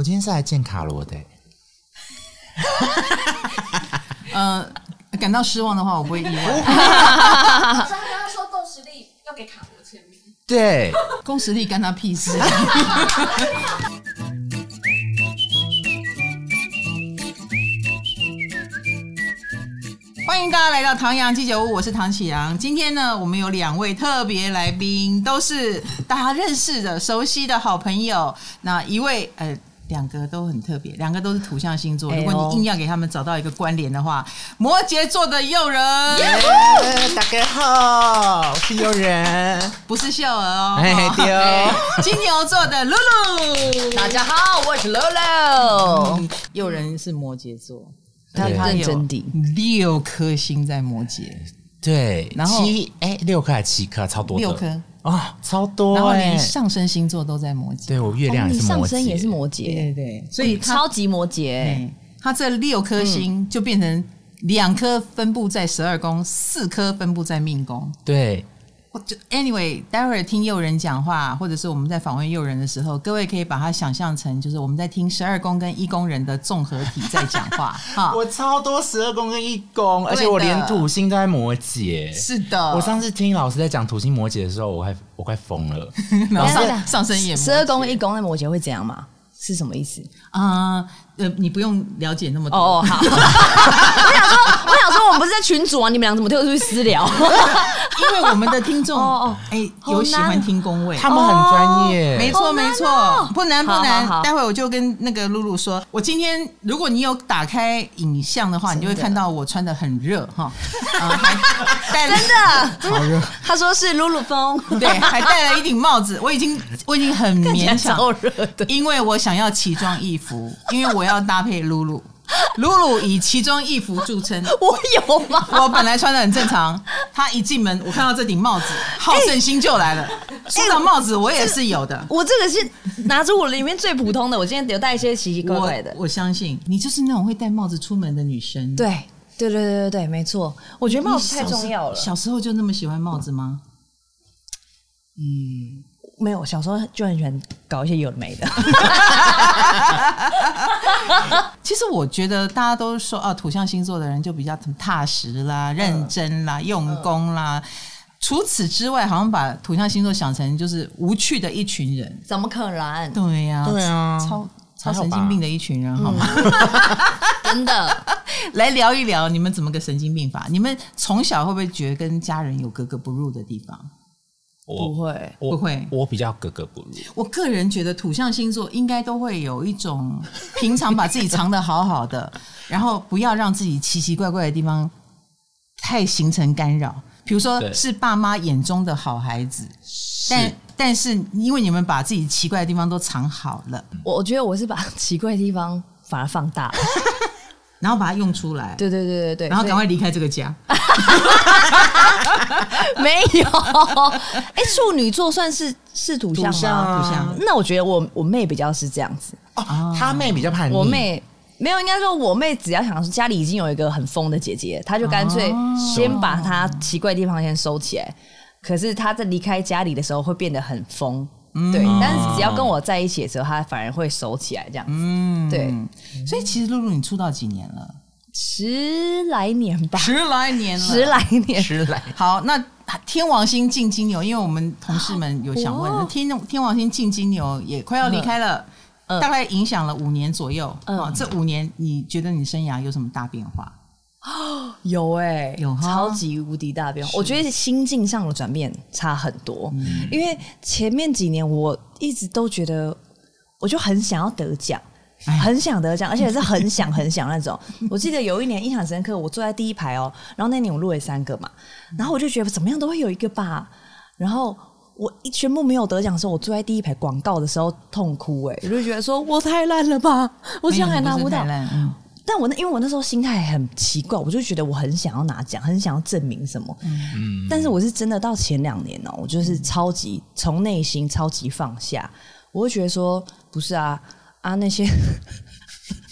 我今天是來見卡羅的、欸。嗯 呃，感到失望的話，我不會意外。剛 剛 說共識力要給卡羅簽名，對，共識力跟他屁事。 歡迎大家來到唐陽雞酒屋，我是唐綺陽。今天呢，我們有兩位特別來賓，都是大家認識的、熟悉的好朋友。那一位，呃。兩個都很特別，兩個都是土象星座。欸哦，如果你硬要給他們找到一個關聯的話，摩羯座的又仁 yeah，大家好，我是又仁，不是秀兒哦。丟、哦，金牛座的露露， 大家好，我是露露。又、嗯、人是摩羯座，但他的真地六顆星在摩羯，對，然後七哎、欸、六顆七顆差多顆啊、哦，超多、欸！然後連上升星座都在摩羯，對，我月亮也是摩羯。哦、你上升也是摩羯，對對，對，所以、嗯、超級摩羯、欸，對，它這六顆星就變成兩顆分布在十二宮，四顆分布在命宮，對。我就 Anyway，待會兒聽又仁講話，或者是我們在訪問又仁的時候，各位可以把它想象成就是我們在聽十二宮跟一宮人的綜合體在講話。哈， 我超多十二宮跟一宮，而且我連土星都在摩羯。是的，我上次聽老師在講土星摩羯的時候我，我還我快瘋了。沒有，上升也十二宮一宮的摩羯會怎樣嗎？是什麼意思啊？Uh, 呃，你不用了解那麼多。哦、oh, oh, 好 我想說，我想。啊、我不是在群組啊？你們倆怎麼偷偷去私聊？啊、 因為我們的聽眾哎、欸 oh oh, 有喜歡聽宮位，oh, 他們很專業。沒錯、oh, 沒錯、oh.，不難不難。待會我就跟那個露露說，我今天如果你有打開影像的話，的你就會看到我穿得很熱哈、哦。真的好熱， 他說是露露風，對，還戴了一頂帽子。我已經我已經很勉強熱的，因為我想要奇裝異服，因為我要搭配露露。魯魯以奇裝異服著稱。我有嗎？我本來穿的很正常。他一進門，我看到這頂帽子，好勝心就來了。這、欸、頂帽子我也是有的。欸我，就是、我這個是拿出我裡面最普通的。 我今天有戴一些奇奇怪怪的。我，我相信你就是那種會戴帽子出門的女生。對對對對對對，沒錯。我覺得帽子太重要了小。小時候就那麼喜歡帽子嗎？嗯，沒有。小時候就很喜歡搞一些有的沒的。 其實我覺得大家都說，啊，土象星座的人就比較踏實啦、認真啦、呃、用功啦、呃。除此之外，好像把土象星座想成就是無趣的一群人，怎麼可能？對呀、啊，對啊，超超神經病的一群人，好嗎？嗯、 真的， 來聊一聊你們怎麼個神經病法？你們從小會不會覺得跟家人有格格不入的地方？我不會，我不會我，我比較格格不入。我個人覺得土象星座應該都會有一種平常把自己藏得好好的， 然後不要讓自己奇奇怪怪的地方太形成干擾。比如說是爸媽眼中的好孩子，但是但是因為你們把自己奇怪的地方都藏好了，我覺得我是把奇怪的地方反而放大了。 然後把它用出來，對對對對對，然後趕快離開這個家。 沒有，哎、欸，處女座算是是土象嗎？土象。那我覺得我我妹比較是這樣子哦，她妹比較叛逆。我妹沒有，應該說我妹只要想說家裡已經有一個很瘋的姐姐，她就乾脆先把她奇怪的地方先收起來。哦、可是她在離開家裡的時候會變得很瘋。嗯、對，但是只要跟我在一起的時候，他反而會熟起來這樣子。嗯、對，所以其實露露，你出道幾年了？十來年吧，十來年了，十來年，十來年。好，那天王星進金牛，因為我們同事們有想問，天、啊、天王星進金牛也快要離開了、嗯，大概影響了五年左右。啊、嗯哦，這五年你覺得你生涯有什麼大變化？有哎、欸，有哈超級無敵大變！我覺得心境上的轉變差很多、嗯，因為前面幾年我一直都覺得，我就很想要得獎、哎，很想得獎，而且是很想、很想那種。 我記得有一年印象深刻，我坐在第一排哦、喔，然後那年我入圍三個嘛，然後我就覺得怎麼樣都會有一個吧。然後我一全部沒有得獎的時候，我坐在第一排廣告的時候痛哭哎、欸，我就覺得說我太爛了吧，我這樣還，還拿不到。但我那因為我那時候心態很奇怪，我就覺得我很想要拿獎，很想要證明什麼。嗯，但是我是真的到前兩年哦、喔，我就是超級從內、嗯、心超級放下，我會覺得說不是啊啊那些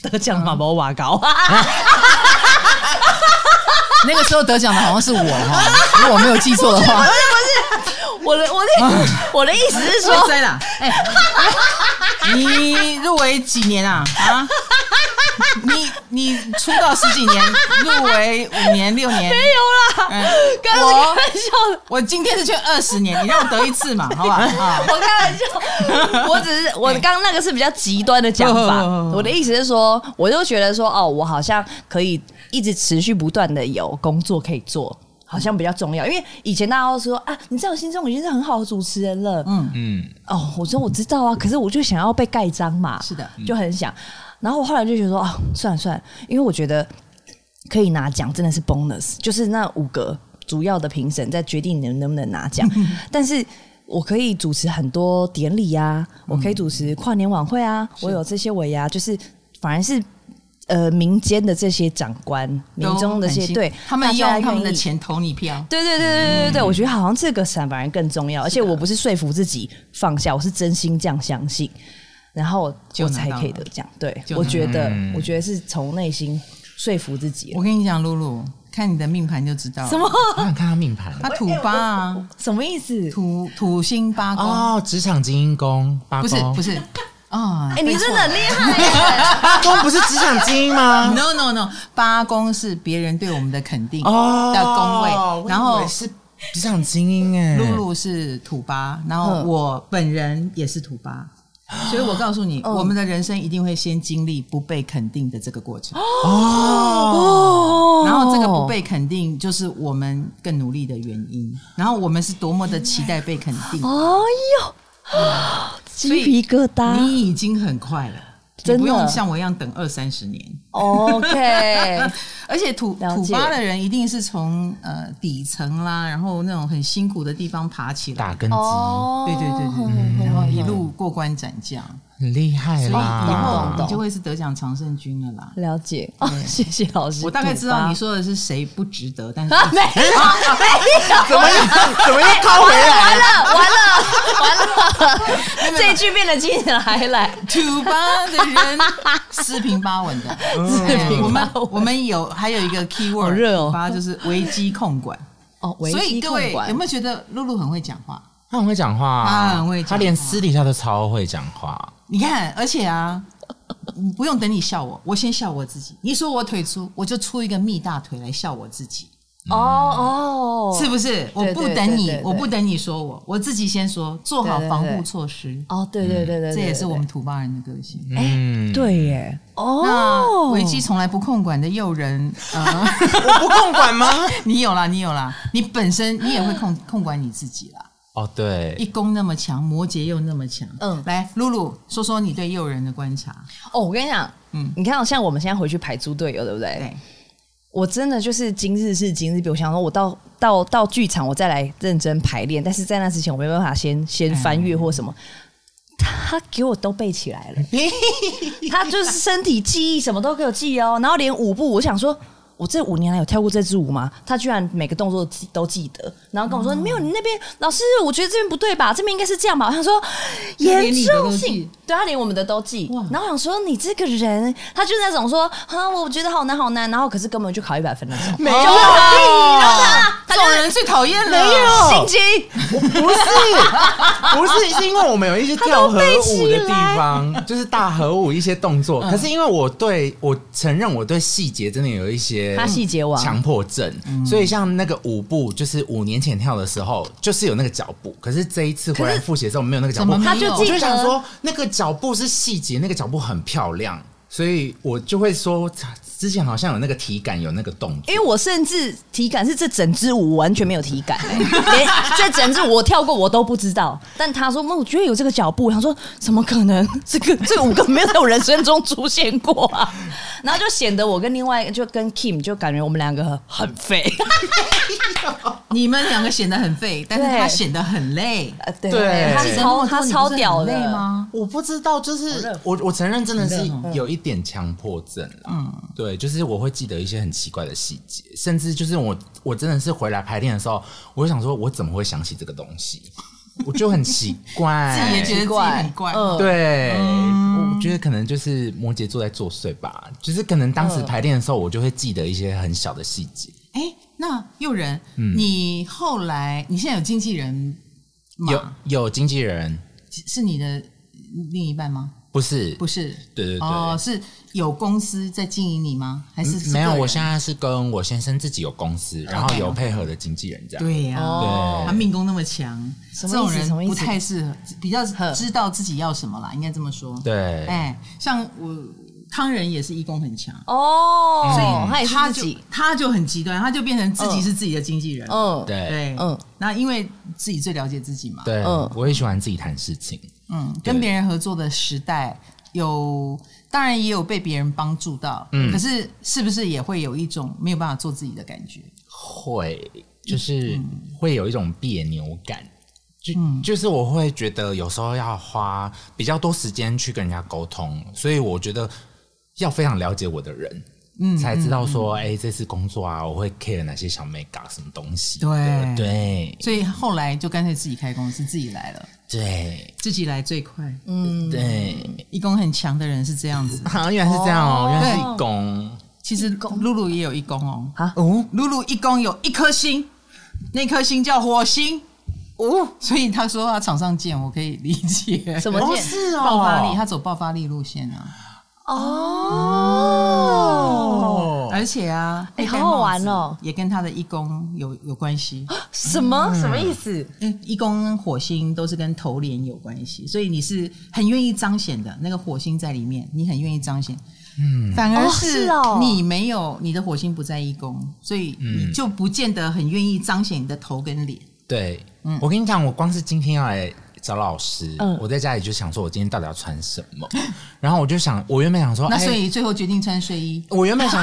得獎寶寶瓦高。 那個時候得獎的好像是我哈，如果我沒有記錯的話，不是不是，不是，我的我的、啊、我的意思是說，哎、欸，你入圍幾年啊？啊，你你出道十幾年，入圍五年六年沒有啦，跟、嗯、我開玩笑我，我今天是去二十年，你讓我得一次嘛，好吧？好啊，我開玩笑，我只是我剛剛那個是比較極端的講法哦哦哦哦，我的意思是說，我就覺得說哦，我好像可以一直持續不斷的有。我工作可以做，好像比較重要，因為以前大家都說啊，你在我心中我已經是很好的主持人了。嗯嗯，哦，我說我知道啊，可是我就想要被蓋章嘛，是的、嗯，就很想。然後我後來就覺得哦、啊，算了算了，因為我覺得可以拿獎真的是 bonus，就是那五個主要的評審在決定你能不能拿獎、嗯。但是我可以主持很多典禮啊，我可以主持跨年晚會啊，我有這些尾牙、啊，就是反而是。呃，民間的這些長官，民眾的這些，對他們用他們的錢投你票，對對對對對對，對、嗯、我覺得好像這個傘反而更重要。而且我不是說服自己放下，我是真心這樣相信，然後我才可以得獎。對，我覺得、嗯，我覺得是從內心說服自己。我跟你講，露露，看你的命盤就知道了什麼。我想看他命盤，他土八，什麼意思？土土星八宮哦，職場精英宮，八宮不是不是。不是 哎、oh, 欸，你真的很厲害！八 宮不是職場精英嗎？No No No，八宮是別人對我們的肯定，的宮位。Oh, 然後是職場精英哎，露露是土八，然後我本人也是土八。所以，我告訴你，oh. 我們的人生一定會先經歷不被肯定的這個過程哦。Oh. Oh. 然後，這個不被肯定就是我們更努力的原因。然後，我們是多麼的期待被肯定！哎、oh. oh. oh. 雞皮疙瘩！你已經很快了，真的不用像我一樣等二三十年。OK， 而且土土八的人一定是從呃底層啦，然後那種很辛苦的地方爬起來，打根基、哦。對對對對、嗯，然後一路過關斬將，很厲害啦。所以,以後你就會是得獎常勝軍了啦。了解、哦，謝謝老師。我大概知道你說的是誰，不值得，但是、啊、沒有。怎麼樣？怎麼樣？啊沒沒這一句變得精神還來，土巴的人四 平八穩的，四、嗯嗯、平八穩。我們我們有還有一個 keyword，熱、哦、就是危機控管，哦，危機控管。所以各位有沒有覺得露露很會講話？她很會講話、啊啊、話，她很會，她連私底下都超會講話。你看，而且啊，不用等你笑我，我先笑我自己。你說我腿粗，我就出一個蜜大腿來笑我自己。哦哦，是不是？我不等你，我不等你說我，我自己先說，做好防護措施。哦，對對對對、嗯，對對對對對對這也是我們土巴人的個性。哎、欸，對耶，哦，危機從來不控管的又仁，嗯、 我不控管嗎？ 你有啦，你有啦，你本身你也會控控管你自己啦。哦、oh,，對，一宮那麼強，摩羯又那麼強，嗯，來，露露說說你對又仁的觀察。哦，我跟你講，嗯，你看像我們現在回去排租隊友，對不對？對我真的就是今日是今日，比我想說，我到到到劇場，我再來認真排練。但是在那之前，我沒辦法先先翻閱或什麼。他給我都背起來了， 他就是身體記憶，什麼都給我記哦。然後連舞步，我想說。我這五年來有跳過這支舞嗎？他居然每個動作自己都記得，然後跟我說沒有。你那邊老師，我覺得這邊不對吧？這邊應該是這樣吧？我想說，嚴重性。對、啊，他連我們的都記。然後我想說你這個人，他就那種說啊，我覺得好難好難，然後可是根本就考一百分那種，沒有啊。這、就、種、是哦、人最討厭沒有心機。不是不是，是因為我們有一些跳合舞的地方，就是大合舞一些動作，嗯、可是因為我對我承認我對細節真的有一些。他細節王，強迫症、嗯，所以像那個舞步，就是五年前跳的時候，就是有那個腳步，可是這一次回來複寫之後沒有那個腳步，我就就想說那，那個腳步是細節，那個腳步很漂亮。所以我就會說，之前好像有那個體感，有那個動作，因為我甚至體感是這整支舞我完全沒有體感，欸，這整支舞我跳過我都不知道。但他說，我覺得有這個腳步，他說怎麼可能？這個這五個沒有在我人生中出現過啊！然後就顯得我跟另外一個就跟 Kim 就感覺我們兩個很廢， 你們兩個顯得很廢，但是他顯得很累，對，對，對他超他超屌的。累嗎？我不知道，就是我我，我承認真的是有一點。有一點一點強迫症啦。嗯，對，就是我會記得一些很奇怪的細節，甚至就是我，我真的是回來排練的時候，我就想說，我怎麼會想起這個東西？ 我就很奇怪， 自己也覺得自己很怪，呃、對、嗯，我覺得可能就是摩羯座在作祟吧，就是可能當時排練的時候，我就會記得一些很小的細節。哎、呃，那又仁、嗯，你後來你現在有經紀人嗎？有有經紀人？是你的另一半嗎？不是不是，對對對，哦，是有公司在經營你嗎？還是、嗯、沒有？我現在是跟我先生自己有公司，然後有配合的經紀人這樣、okay, okay. 對呀、啊，他命工命宮那麼強，這種人不太適合。什麼意思，什麼意思？比較知道自己要什麼啦，應該這麼說。對，哎、欸，像我又仁也是一宮很強哦，所以、嗯、他也是自己他就，他就很極端，他就變成自己是自己的經紀人。嗯、哦，對，嗯、哦哦，那因為自己最了解自己嘛。對，我、哦、也喜歡自己談事情。嗯，跟別人合作的時代有，當然也有被別人幫助到，嗯，可是是不是也會有一種沒有辦法做自己的感覺？會，就是會有一種別扭感。嗯，就就是我會覺得有時候要花比較多時間去跟人家溝通，所以我覺得要非常了解我的人。嗯、才知道說，哎、欸，這次工作啊，我會 care 哪些小妹搞什麼東西？對對，所以後來就乾脆自己開公司，是自己來了。對，自己來最快。嗯，對，對一宮很強的人是這樣子。好、啊，原來是這樣、喔、哦。原來是一宮，一宮其實露露也有一宮哦、喔。啊哦，露、嗯、露一宮有一顆星，那顆星叫火星。哦、嗯，所以他說他、啊、場上見我可以理解。什麼見哦是、喔，爆發力，他走爆發力路線啊。哦、oh，而且啊，也很好玩哦，也跟他的一宮有有關係、嗯。什麼？什麼意思？哎、嗯，一宮跟火星都是跟頭臉有關係，所以你是很願意彰顯的那個火星在裡面，你很願意彰顯。嗯，反而是你沒有你的火星不在一宮，所以你就不見得很願意彰顯你的頭跟臉。對，嗯，我跟你講，我光是今天要來。找老師、嗯，我在家裡就想說，我今天到底要穿什麼？然後我就想，我原本想說，那所以最後決定穿睡衣。我原本想，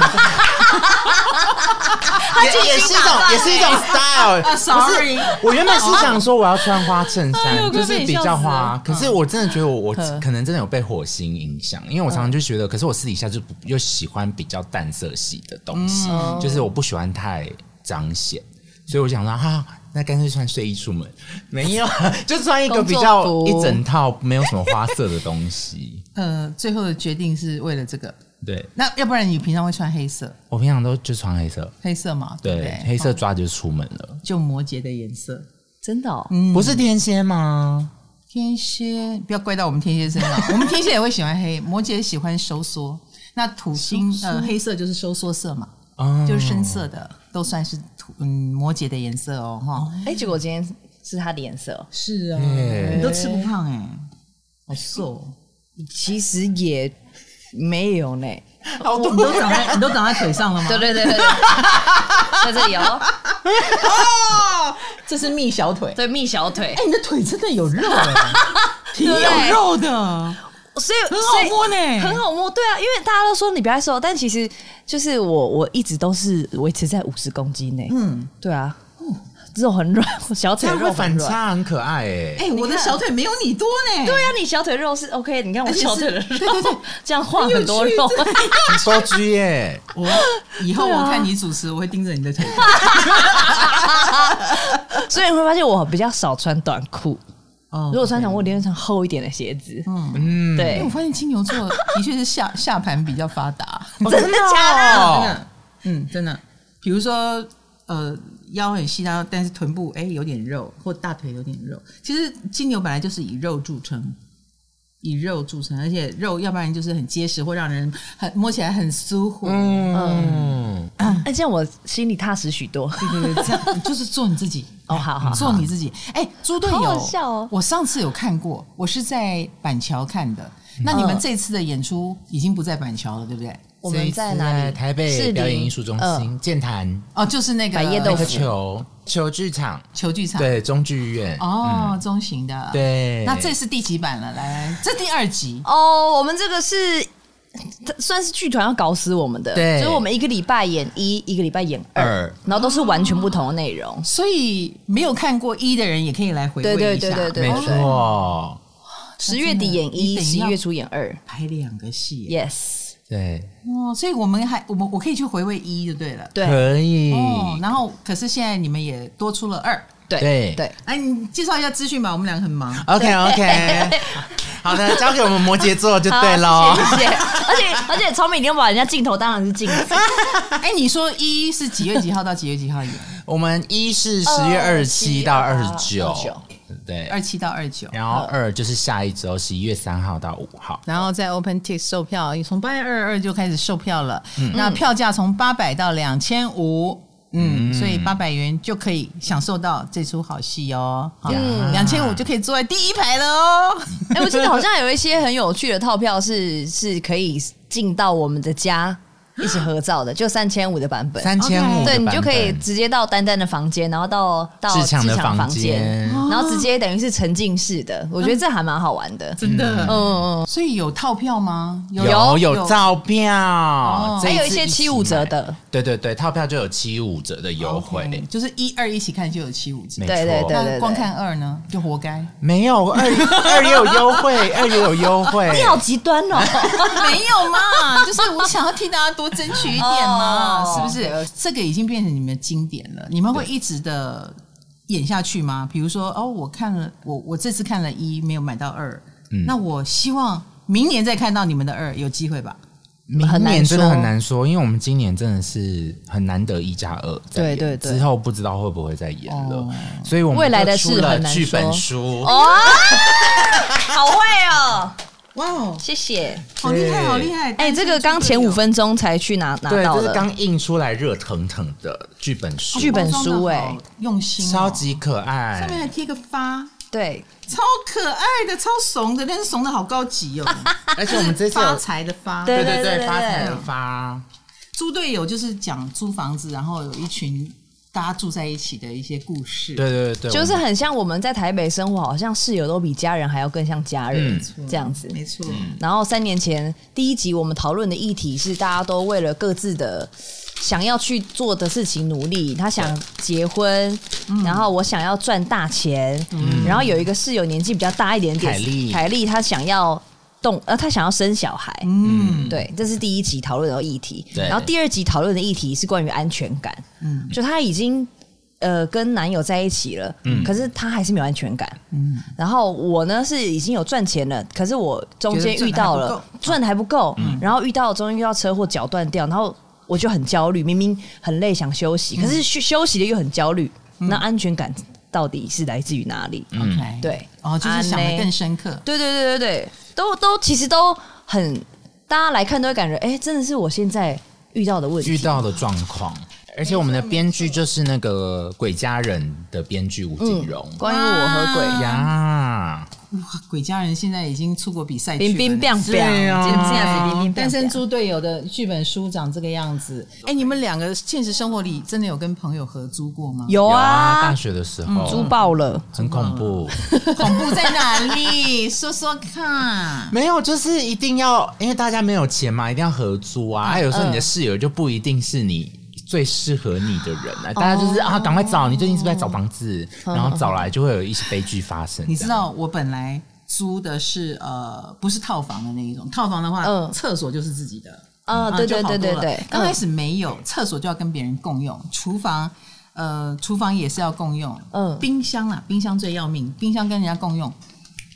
也也是一種，也是一種 style，啊。Sorry。不是，我原本是想說我要穿花襯衫， 就是比較花。可是我真的覺得我，我可能真的有被火星影響，因為我常常就覺得，嗯、可是我私底下就不又喜歡比較淡色系的東西，嗯、就是我不喜歡太彰顯，所以我想說哈。啊那乾脆穿睡衣出門，沒有，就穿一個比較一整套沒有什麼花色的東西。 呃，最後的決定是為了這個。對，那要不然你平常會穿黑色？我平常都就穿黑色，黑色嘛，對不對？對，黑色抓就出門了，哦、就摩羯的顏色，真的、哦，嗯，不是天蠍嗎？天蠍不要怪到我們天蠍身上，我們天蠍也會喜歡黑，摩羯喜歡收縮，那土星呃，黑色就是收縮色嘛，就是深色的都算是。嗯，摩羯的顏色哦，哈，哎、欸，結果我今天是它的顏色，是啊，欸、你都吃不胖哎、欸，好瘦，其實也沒有呢、欸，好多、喔，你都長在你都長在腿上了嗎？對對對對 在這裡哦。 這是蜜小腿，對，蜜小腿，哎、欸，你的腿真的有肉、欸， 挺有肉的。所以，所以很好摸呢、欸，很好摸。對啊，因為大家都說你比較瘦，但其實就是我，我一直都是維持在五十公斤內。嗯，對啊，嗯、肉很軟，小腿肉很反差很可愛、欸。哎、欸，我的小腿沒有你多呢、欸。對啊，你小腿肉是 OK。你看我小腿的肉、欸對對對，這樣畫很多肉，你說 G 耶。我以後我看你主持，我會盯着你的腿。啊、 所以你會發現我比較少穿短褲。如果穿上我臉上厚一點的鞋子，嗯，對，因為我發現金牛座的確是下 下盤比較發達，oh, 真的假的？真的，嗯，真的。比如說，呃，腰很細，然後但是臀部哎、欸、有點肉，或大腿有點肉。其實金牛本來就是以肉著稱，以肉著稱，而且肉要不然就是很結實，或讓人很摸起來很舒服。嗯，那這樣我心裡踏實許多。對對對，這樣就是做你自己。 哦，好好，好做你自己。哎、欸，租隊友好好笑。哦，我上次有看過，我是在板橋看的。嗯。那你們這次的演出已經不在板橋了，對不對？我們在哪裡？台北表演藝術中心、劍潭。哦，就是那個百葉豆腐，那個球球劇場、球劇場對中劇院。哦、嗯，中型的。對。那這是第幾版了？來，這第二集。哦、oh，我們這個是。算是劇團要搞死我們的，所以、就是、我們一個禮拜演一，一個禮拜演二,二，然後都是完全不同的內容、啊，所以沒有看過一的人也可以來回味一下，對對對對對對沒錯、哦。十月底演一，十一月初演二，拍兩個戲、啊、yes，對，哦，所以我們還，我們我可以去回味一就對了，對，可以、哦，然後可是現在你們也多出了二。對對哎、啊，你介紹一下資訊吧，我們兩個很忙。OK OK， 好，好的，交給我們摩羯座就對咯、啊。謝謝。而且而且，聰明，你要把人家鏡頭當然是鏡頭。哎、 欸，你說一是幾月幾號到幾月幾號？我們一是月十月二,二十七到二十九，對，二十七到二十九。然後二就是下一周十一月三號到五號。然後在 OpenTix 售票，從八月二二就開始售票了。嗯、那票價從八百到兩千五。嗯，所以八百元就可以享受到這齣好戲哦 yeah，好。嗯，兩千五就可以坐在第一排了哦。嗯。哎、欸，我記得好像有一些很有趣的套票是 是可以進到我們的家。一起合照的就三千五的版本，三千五，對你就可以直接到丹丹的房間，然後到到志強的房間，然後直接等於是沉浸式的，嗯、我覺得這還蠻好玩的，真的，嗯，所以有套票嗎？有，有套票，還有,有,、哦啊、有一些七五折的，對對對，套票就有七五折的優惠，okay, 就是一二一起看就有七五折，對對對，光看二呢就活該，沒有二二也有優惠，二也有優惠，你、 啊、好極端哦， 沒有嘛，就是我想要替大家多。爭取一點嘛，oh. 是不是？這個已經變成你們的經典了。你們會一直的演下去嗎？比如說，哦，我看了，我我這次看了一，沒有買到二，嗯，那我希望明年再看到你們的二，有機會吧？明年真的很難說，很難說，因為我們今年真的是很難得一加二，對對對，之後不知道會不會再演了。Oh. 所以，我們本未來的劇本書，好會哦。哇哦，謝謝，好厲害，害，好厲害！哎、欸，這個剛前五分鐘才去拿拿到了，剛印出來熱騰騰的劇本書，劇、哦、本書哎、欸，哦、用心、哦，超級可愛，上面還貼個發，對，對，超可愛的，超慫的，但是慫的好高級哦， 而且我們這次 發財的發，對對對，對，發財的發，對對對對，租隊友就是講租房子，然後有一群。大家住在一起的一些故事，對對對，就是很像我們在台北生活，好像室友都比家人還要更像家人，嗯，這樣子，沒錯。然後三年前第一集我們討論的議題是，大家都為了各自的想要去做的事情努力。他想結婚，然後我想要賺大錢，嗯，然後有一個室友年紀比較大一點點，凱麗，凱麗她想要。動，然後他想要生小孩，嗯，對，這是第一集討論的議題。對，然後第二集討論的議題是關於安全感。嗯，就他已經呃跟男友在一起了，嗯，可是他還是沒有安全感。嗯，然後我呢是已經有賺錢了，可是我中間遇到了賺的還不夠，然後遇到中間遇到車禍腳斷掉，然後我就很焦慮，明明很累想休息，可是休休息的又很焦慮，嗯，那安全感。到底是來自於哪裡？OK，對，然後、哦、就是想得更深刻、啊。對對對對對，都都其實都很，大家來看都會感覺，哎、欸，真的是我現在遇到的問題，遇到的狀況。而且我們的編劇就是那個《鬼家人的編劇》的編劇吳瑾蓉。關於我和鬼呀，yeah，鬼家人現在已經出國比賽去了，冰冰變冰啊弄弄弄弄弄。單身租隊友的劇本書長這個樣子。哎、欸，你們兩個現實生活裡真的有跟朋友合租過嗎？有啊，大學的時候，嗯、租爆了，很恐怖。 恐怖在哪裡？ 說說看。沒有，就是一定要，因為大家沒有錢嘛，一定要合租啊。還、嗯啊、有時候你的室友就不一定是你。最適合你的人啊！大家就是啊，趕、哦、快找你最近是不是在找房子，哦？然後找來就會有一些悲劇發生。你知道我本來租的是呃，不是套房的那一種。套房的話，呃、廁所就是自己的，呃嗯啊呃、對，對對對對對，剛開始沒有，呃、廁所就要跟別人共用，呃、廚房呃，廚房也是要共用，呃。冰箱啊，冰箱最要命，冰箱跟人家共用，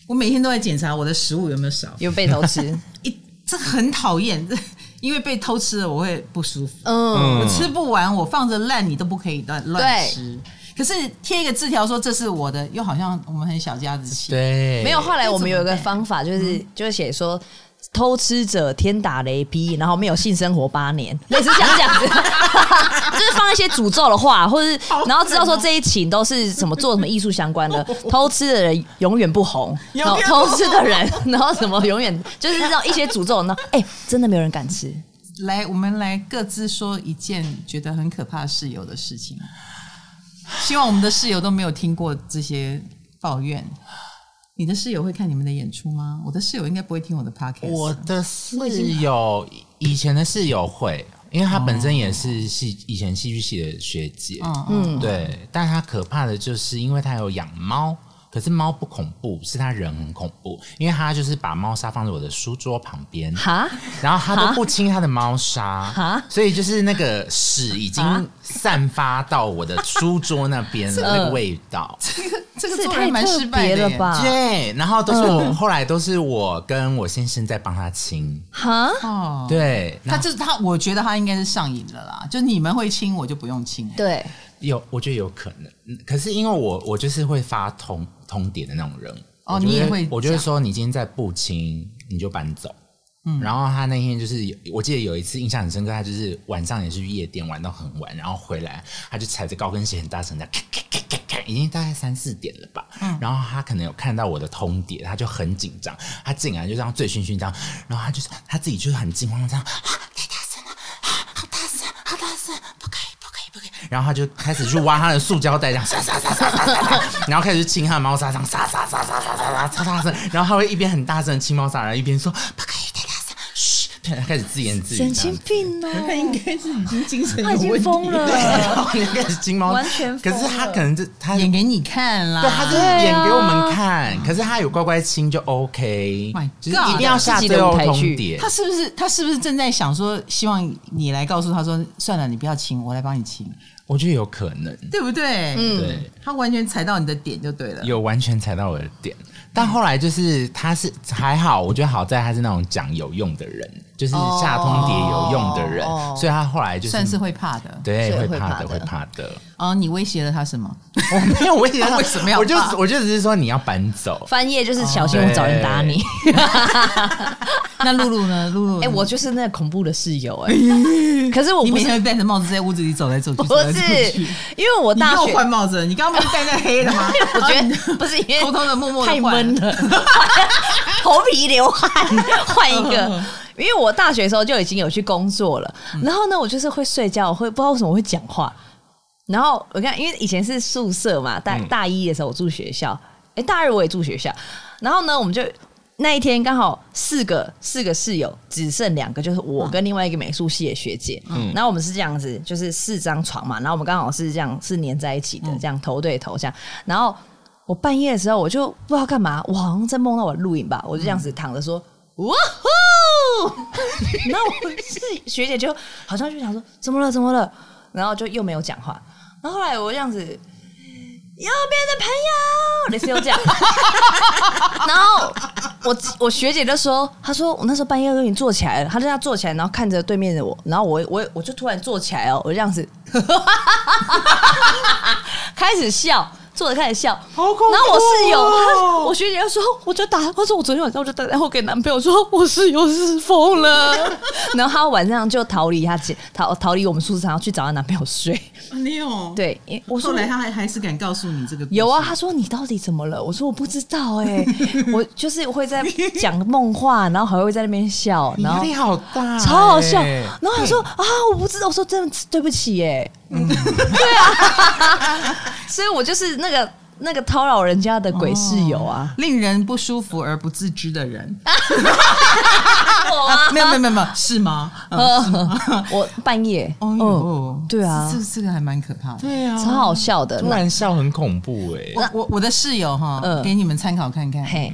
我每天都在檢查我的食物有沒有少，有被偷吃。 這很討厭這。因為被偷吃了，我會不舒服。嗯，我吃不完，我放着爛，你都不可以亂亂吃。可是貼一個字條說，這是我的，又好像我們很小家子氣。對，沒有。後來我們有一個方法，就是，就是就是寫說。嗯偷吃者天打雷劈，然後沒有性生活八年，類似像這樣子， 就是放一些詛咒的話，或者是、喔、然後知道說這一群都是什麼做什麼藝術相關的，偷吃的人永遠不紅，然後偷吃的人，然後什麼永遠就是讓一些詛咒，那哎、欸、真的沒有人敢吃。來，我們來各自說一件覺得很可怕室友的事情，希望我們的室友都沒有聽過這些抱怨。你的室友會看你們的演出嗎？我的室友應該不會聽我的 podcast。我的室友以前的室友會，因為他本身也是戲、哦，以前戲劇系的學姐。嗯，對嗯，但他可怕的就是因為他有養貓。可是貓不恐怖，是他人很恐怖，因為他就是把貓砂放在我的書桌旁邊，哈，然後他都不清他的貓砂，哈，所以就是那個屎已經散發到我的書桌那邊了、啊，那個味道，是呃、這個這個做還蠻失敗的了吧，對，然後都是我、呃、後來都是我跟我先生在幫他清，哈，哦，對，他就是他，我覺得他應該是上癮了啦，就你們會清，我就不用清，對，有我覺得有可能，可是因為我我就是會發痛。通牒的那種人，哦，你也會，我就是說，你今天再不清，你就搬走。嗯，然後他那天就是，我記得有一次印象很深刻，他就是晚上也是去夜店玩到很晚，然後回來，他就踩着高跟鞋很大聲的，已經大概三四點了吧。嗯，然後他可能有看到我的通牒，他就很緊張，他竟然就這樣醉醺醺這樣，然後他就是他自己就是很驚慌這樣、啊然後他就開始去挖他的塑膠袋，這樣沙沙沙沙然後開始清他的貓砂，這樣沙沙沙沙沙沙沙，然後他會一邊很大聲清貓砂，然後一邊說不可以，沙沙沙，噓。他開始自言自語、嗯，神經病哦、啊！他應該是已經精神，他已經瘋了對。然後開始清貓完全，可是他可能就，他演給你看啦，對，他就演給我們看。啊、可是他有乖乖清就 OK，God, 就是一定要下最後通牒、啊。他是不是他是不是正在想說，希望你來告訴他說，算了，你不要清，我來幫你清。我覺得有可能，對不對？對，嗯，他完全踩到你的點就對了，有完全踩到我的點，但後來就是他是還好，我覺得好在他是那種講有用的人。就是下通牒，有用的人，oh, 所以他後來就是算是會怕的。對，會怕的，會怕的。嗯、哦，你威脅了他什麼？我、哦、沒有威脅他， 為什麼要？我就是、我就只是說你要搬走。翻頁就是小心、oh, 我找人打你。 那露露呢？露露？哎、欸，我就是那個恐怖的室友哎、欸。 可是我不是你每天被戴着帽子在屋子裡走來走去，不是走走因為我大學換帽子，你剛剛不是戴那黑的嗎？ 我覺得不是因為偷偷的默默太悶了，頭皮流汗，換 一個。 因為我大學的時候就已經有去工作了，嗯、然後呢，我就是會睡覺，我會不知道為什麼會講話。然後我看，因為以前是宿舍嘛，大大一的時候我住學校，哎、嗯欸，大二我也住學校。然後呢，我們就那一天剛好四個四個室友只剩兩個，就是我跟另外一個美術系的學姐。嗯，然後我們是這樣子，就是四張床嘛，然後我們剛好是這樣是粘在一起的，嗯、這樣頭對頭這樣。然後我半夜的時候，我就不知道幹嘛，我好像在夢到我錄影吧，我就這樣子躺着說。嗯嗯哇哦！那 我，是學姐，就好像就想說怎麼了，怎麼了，然後就又沒有講話。然後後來我這樣子，右邊的朋友，你是又哈，然後我我學姐就說，她說我那時候半夜都已經坐起來了，她在那坐起來，然後看着對面的我，然後我我我就突然坐起來哦，我這樣子 開始笑。坐着開始笑好、喔，然後我室友，我學姐就說，我就打，她說我昨天晚上我就打，電話給男朋友說我室友是瘋了， 然後她晚上就逃離她，逃逃離我們宿舍，然後去找她男朋友睡。沒有，對，我說我後來她還還是敢告訴你這個，有啊，她說你到底怎麼了？我說我不知道、欸，哎， 我就是會在講夢話，然後還會在那邊笑，然後你力好大、欸，超好笑，然後我說啊，我不知道，我說真的對不起、欸，哎。嗯， 對啊，所以，我就是那個那個叨擾人家的鬼室友啊、哦，令人不舒服而不自知的人。 我、啊啊、沒有沒有沒有是嗎、呃、是嗎？我半夜哦、呃呃，對啊，這這，這個還蠻可怕的，對啊，超好笑的，突然笑很恐怖哎、欸。我我，我的室友哈、呃，給你們參考看看，嘿。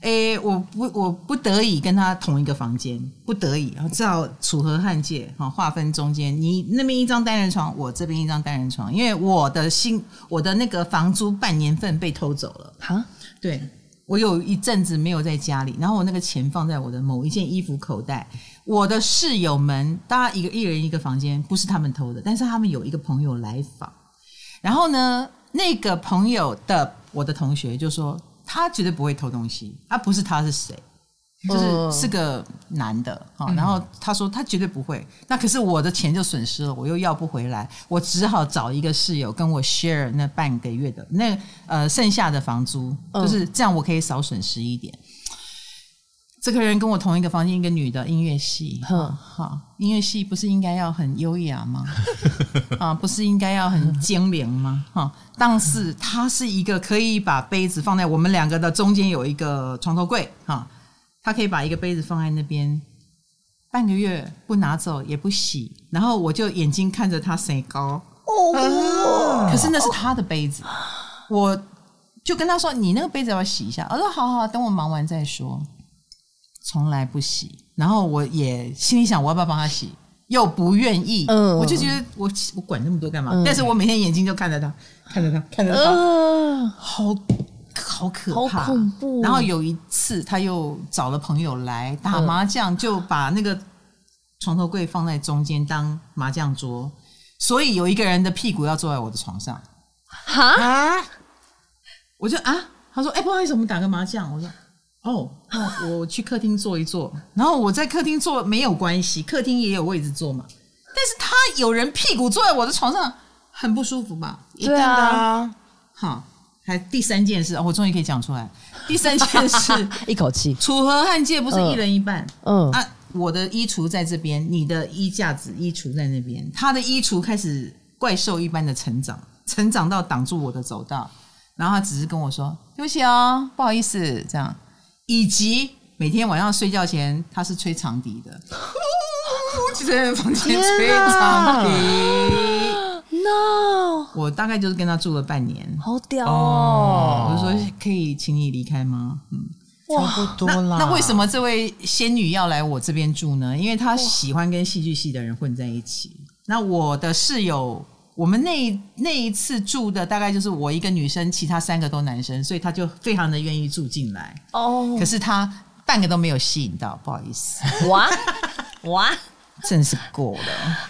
誒、欸，我不，我不得已跟他同一個房間，不得已，然後只好楚河漢界劃分中間。你那邊一張單人床，我這邊一張單人床，因為我的心，我的那個房租半年份被偷走了哈。對我有一陣子沒有在家裡，然後我那個錢放在我的某一件衣服口袋。我的室友們，大家一個一人一個房間，不是他們偷的，但是他們有一個朋友來訪，然後呢，那個朋友的我的同學就說。他絕對不會偷東西，而、啊、不是他是誰，就是是個男的哈、哦哦。然後他說他絕對不會，嗯、那可是我的錢就損失了，我又要不回來，我只好找一個室友跟我 share 那半個月的那呃剩下的房租，就是這樣我可以少損失一點。哦。這個人跟我同一個房間，一個女的，音樂系。呵好，音樂系不是應該要很優雅嗎？ 啊，不是應該要很精明嗎？哈、啊，但是她是一個可以把杯子放在我們兩個的中間，有一個床頭櫃，哈、啊，她可以把一個杯子放在那邊，半個月不拿走也不洗，然後我就眼睛看着她誰高。哦、啊，可是那是她的杯子，哦、我就跟她說：“你那個杯子要不要洗一下？”我說：“好好，等我忙完再說。”從來不洗，然後我也心裡想，我要不要幫他洗？又不願意、嗯，我就覺得我我管那麼多幹嘛、嗯？但是我每天眼睛就看着他，看着他，看着他、嗯，好，好可怕，恐怖，然後有一次，他又找了朋友來打麻將，就把那個床頭櫃放在中間當麻將桌，所以有一個人的屁股要坐在我的床上哈啊！我就啊，他說：“哎、欸，不好意思，我們打個麻將。”我說。哦、oh, oh， 那我去客廳坐一坐，然後我在客廳坐沒有關係，客廳也有位置坐嘛。但是他有人屁股坐在我的床上，很不舒服吧？對啊， 好，還第三件事，哦，我終於可以講出來。第三件事， 一口氣，楚河漢界不是一人一半？嗯，啊我的衣櫥在這邊，你的衣架子、衣櫥在那邊，他的衣櫥開始怪獸一般的成長，成長到擋住我的走道，然後他只是跟我說對不起哦，不好意思，這樣。以及每天晚上睡覺前，他是吹長笛的，就在房間吹長笛。No， 我大概就是跟他住了半年，好屌哦！哦，我就說，可以請你離開嗎？嗯。差不多啦。那，那為什麼這位仙女要來我這邊住呢？因為她喜歡跟戲劇系的人混在一起。那我的室友。我們那，那一次住的大概就是我一個女生，其他三個都男生，所以他就非常的願意住進來。哦、oh.，可是他半個都沒有吸引到，不好意思。哇哇，真是過了、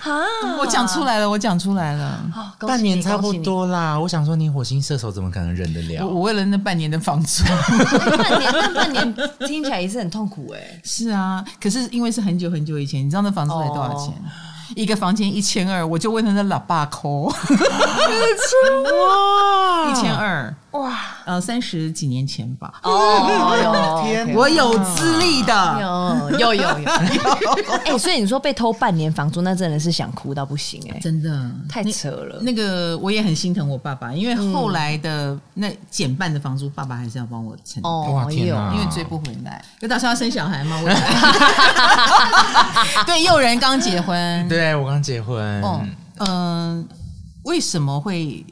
huh? 我講出來了，我講出來了、哦，半年差不多啦。我想說，你火星射手怎麼可能忍得了？我，我為了那半年的房租 半年半年聽起來也是很痛苦哎、欸。是啊，可是因為是很久很久以前，你知道那房租才多少錢？Oh. 一個房間一千二，我就為他的喇叭摳，一千二。哇，呃，三十幾年前吧。哦，有天，我有資歷的，有，有有。哎、 欸，所以你說被偷半年房租，那真的是想哭到不行哎、欸，真的太扯了那。那個我也很心疼我爸爸，因為後來的那減半的房租，嗯，爸爸還是要幫我承擔。哦，哇天啊，因為追不回來，有打算要生小孩嗎？為什麼 對，又仁剛結婚，對，我剛結婚。嗯、哦呃，為什麼會？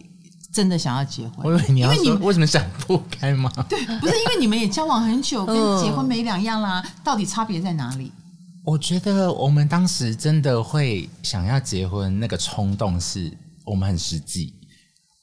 真的想要結婚，我以為你要說因為你為什麼想不開嗎？對，不是 因為你們也交往很久，跟結婚沒兩樣啦、哦，到底差別在哪裡？我覺得我們當時真的會想要結婚，那個衝動是我們很實際。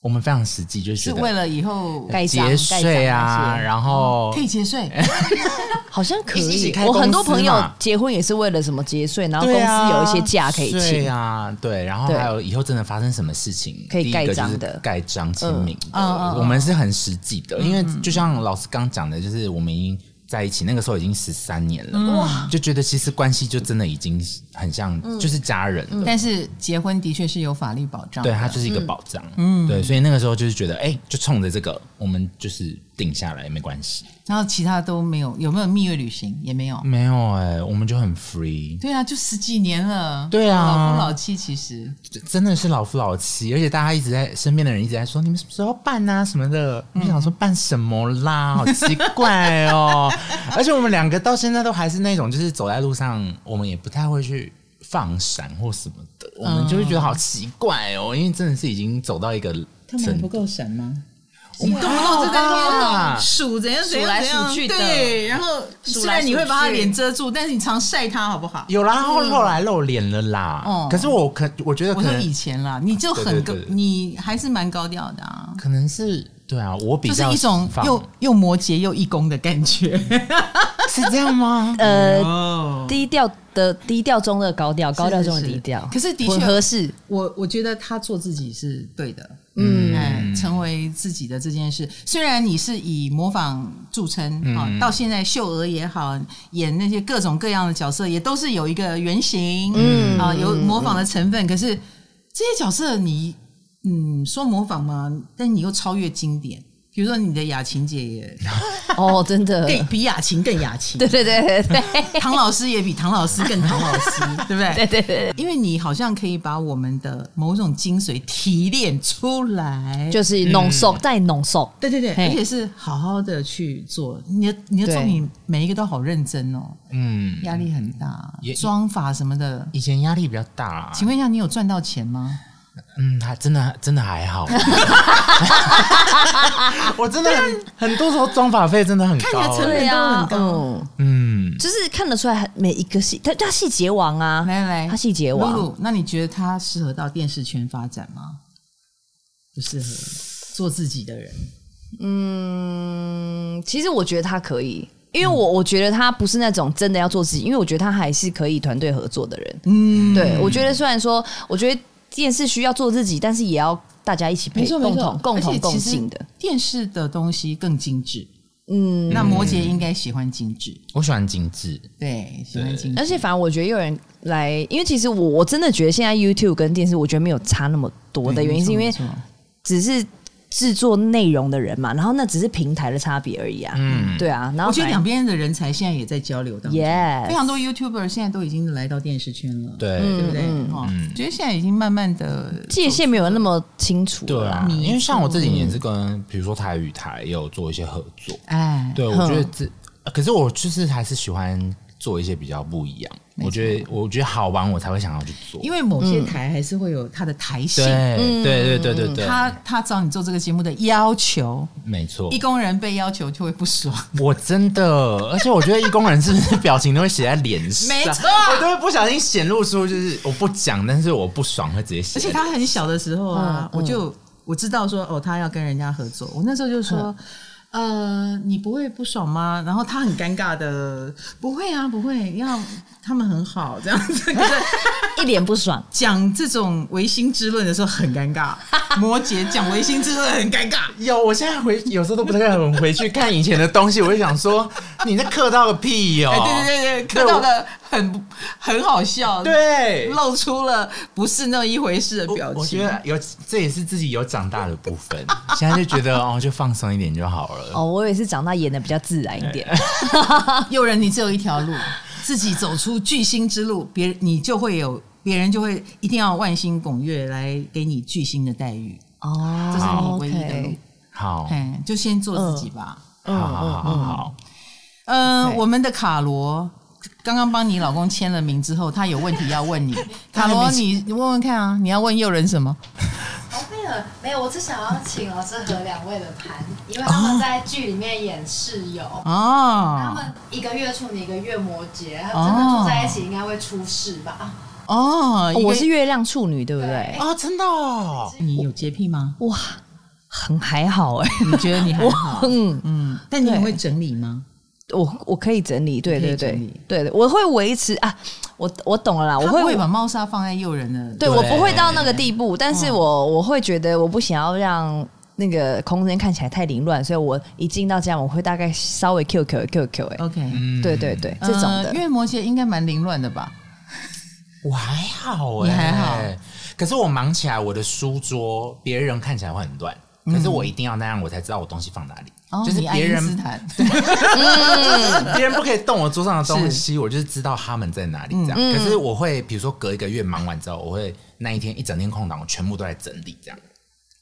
我們非常實際，啊，就是為了以後節稅啊，然後，然後、嗯、可以節稅， 好像可以。我很多朋友結婚也是為了什麼節稅，然後公司有一些假可以請。啊、啊。對，然後還有以後真的發生什麼事情，可以蓋章的蓋章簽名啊、嗯。我們是很實際的、嗯，因為就像老師剛講的，就是我們已經。在一起那個時候已經十三年了哇，就覺得其實關係就真的已經很像就是家人了、嗯嗯。但是結婚的確是有法律保障的，對，它就是一個保障。嗯，對，所以那個時候就是覺得，哎、欸，就衝着這個，我們就是。定下來也沒關係，然後其他都沒有，有沒有蜜月旅行也沒有，沒有哎、欸，我們就很 free。對啊，就十幾年了，對啊，老夫老妻其實真的是老夫老妻，而且大家一直在身邊的人一直在說，你們什麼時候辦啊什麼的，就、嗯、想說辦什麼啦，好奇怪哦。 而且我們兩個到現在都還是那種就是走在路上，我們也不太會去放閃或什麼的，我們就會覺得好奇怪哦，嗯、因為真的是已經走到一個他們不夠閃嗎？你都露這在那種數怎樣，怎樣數來數去的，對，然後雖然你會把他臉遮住，但是你常曬他好不好？有啦後後來露臉了啦、嗯。可是我可我覺得可能，我說以前啦，你就很高，啊、對對對，你還是蠻高調的啊。可能是對啊，我比較就是一種又又摩羯又一宮的感覺， 是這樣嗎？呃，oh. 低調的低調中的高調，高調中的低調。可是的確合適，我適我，我覺得他做自己是對的。嗯，嗯，成為自己的這件事，雖然你是以模仿著稱，啊、嗯，到現在秀娥也好，演那些各種各樣的角色，也都是有一個原型，嗯啊、嗯，有模仿的成分。嗯、可是這些角色你，你嗯說模仿嘛，但你又超越經典。比如說你的雅琴姐也哦，真的，更比雅琴更雅琴， 對對對對對，唐老師也比唐老師更唐老師， 對不對？對對對，對，因為你好像可以把我們的某種精髓提煉出來，就是濃縮再濃縮，對對對，而且是好好的去做，你的你的作品每一個都好認真哦，嗯，壓力很大，妝髮什麼的，以前壓力比較大，啊。請問一下，你有賺到錢嗎？嗯，還真的真的還好。 我真的很，啊，很多時候妝髮費真的很高欸，對啊很高。嗯，就是看得出來，每一個戲他他細節王啊，沒沒他細節王。那你覺得他適合到電視圈發展嗎？不適合做自己的人。嗯，其實我覺得他可以，因為我，嗯，我覺得他不是那種真的要做自己，因為我覺得他還是可以團隊合作的人。嗯，對，我覺得雖然說，我覺得。電視需要做自己，但是也要大家一起，配合。共同、共同、共進的。電視的東西更精緻，嗯，那摩羯應該喜歡精緻、嗯，我喜歡精緻，對，喜歡精緻。而且，反而我覺得又有人來，因為其實我我真的覺得現在 YouTube 跟電視，我覺得沒有差那麼多的原因，是因為只是。製作內容的人嘛，然後那只是平台的差別而已啊。嗯，對啊。然後我覺得兩邊的人才現在也在交流當中、yes，非常多 YouTuber 現在都已經來到電視圈了。對，對、嗯、對不對？哦、嗯，我覺得現在已經慢慢的界限沒有那麼清楚了。對啊，因為像我這幾年是跟、嗯、比如說台語台也有做一些合作。哎，對，我覺得這，嗯、可是我就是還是喜歡。做一些比較不一樣，我覺得我覺得好玩，我才會想要去做。因為某些台還是會有它的台型、嗯。對對對對對、對、嗯嗯嗯、他他找你做這個節目的要求，沒錯，一宮人被要求就會不爽。我真的，而且我覺得一宮人是不是表情都會寫在臉上？沒錯，我都會不小心顯露出，就是我不講，但是我不爽會直接寫。而且他很小的時候啊，嗯嗯、我就我知道說哦，他要跟人家合作，我那時候就說。嗯呃，你不會不爽嗎？然後他很尷尬的，不會啊，不會，因為他們很好這樣子，可是一臉不爽，講這種違心之論的時候很尷尬。摩羯講違心之論很尷尬。有，我現在回有時候都不太敢回去看以前的東西， 我就想說，你那客套個屁喲、喔！對、欸、對對對，客套了。很很好笑，對，露出了不是那一回事的表情。我，我覺得有這也是自己有長大的部分， 現在就覺得哦，就放鬆一點就好了。哦，我也是長大演得比較自然一點。又 仁，你只有一條路，自己走出巨星之路，別你就會有別人就會一定要萬星拱月來給你巨星的待遇。哦，這是你唯一的路。好、okay 好，就先做自己吧。呃、好，好，好，好，嗯、呃 okay，我們的卡羅。剛剛幫你老公簽了名之後，他有問題要問你，卡羅，你你問問看啊，你要問又仁什麼？沒有，沒有，我只想要請老師和兩位的盤，因為他們在劇裡面演室友、oh. 他們一個月處女一個月摩羯，oh. 他們真的住在一起應該會出事吧？哦、oh,，我是月亮處女，對不對？對 oh, 哦，真的，你有潔癖嗎？哇，很還好哎， 你覺得你還好？ 嗯嗯，但你很會整理嗎？我我可以整理，對對對，對我會維持啊，我我懂了啦，我會把貓砂放在誘人的對，對我不會到那個地步，但是我我會覺得我不想要讓那個空間看起來太凌亂、哦，所以我一進到家我會大概稍微 q q q q 哎，OK，對對對、嗯，這種的，因為摩羯應該蠻凌亂的吧？我還好哎，還好,、欸還好欸，可是我忙起來，我的書桌別人看起來會很亂。可是我一定要那樣，我才知道我東西放哪裡、嗯。就是別人、哦，你對，別、嗯、 人不可以動我桌上的東西，我就是知道他們在哪裡這樣、嗯。可是我會，比如說隔一個月忙完之後，我會那一天一整天空檔，我全部都在整理這樣。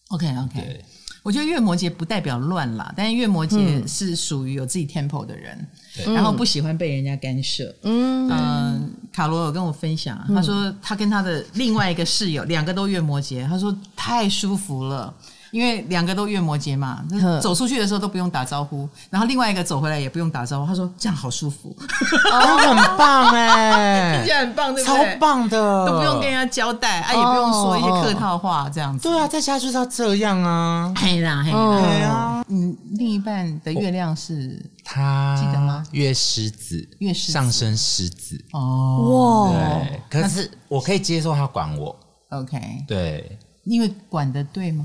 OK OK，對，我覺得月摩羯不代表亂啦，但是月摩羯是屬於有自己 tempo 的人，嗯、然後不喜歡被人家干涉。嗯、呃、卡羅有跟我分享，他說他跟他的另外一個室友兩、嗯、個都月摩羯，他說太舒服了。因為兩個都月魔羯嘛，呵呵，走出去的時候都不用打招呼，然後另外一個走回來也不用打招呼。他說這樣好舒服， 哦、很棒哎，聽起來很棒，超棒的，都不用跟人家交代，哦、啊，也不用說一些客套話，這樣子、哦。對啊，在家就是要這樣啊。嘿啦嘿啦，嗯，哦啊、你另一半的月亮是他、哦、記得嗎？月獅子，月獅子上升獅子哦。哇，對，可是我可以接受他管我。OK，、哦、對，對，因為管得對嗎？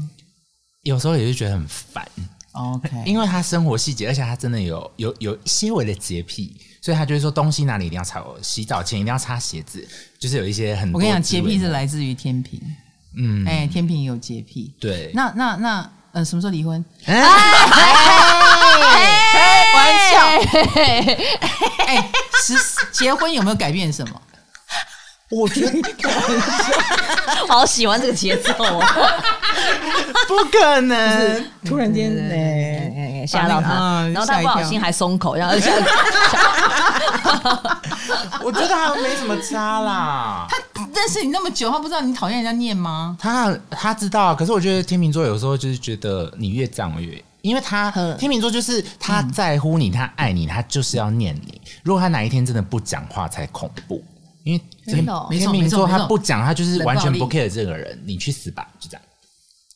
有時候也是覺得很煩，OK，因為他生活細節，而且他真的有有有一些微的潔癖，所以他就是說東西哪裡一定要擦，洗澡前一定要擦鞋子，就是有一些很多。我跟你講，潔癖是來自於天秤，嗯，哎、欸，天秤有潔癖，對。那那那，呃，什麼時候離婚、 哎哎哎哎誒？開玩笑。哎，十、哎、結婚有沒有改變什麼？我覺得 好喜歡這個節奏啊！ 不可能，就是、突然間，嚇、嗯欸欸、到他、啊，然後他不小心還鬆口，讓、啊、而 你 我覺得他沒什麼渣啦。他認識你那麼久，他不知道你討厭人家念嗎？他他知道，可是我覺得天秤座有時候就是覺得你越講越，因為他天秤座就是他在乎你、嗯，他愛你，他就是要念你。如果他哪一天真的不講話，才恐怖。因為天明說他不講，他就是完全不 care 這個人，人，你去死吧，就這樣。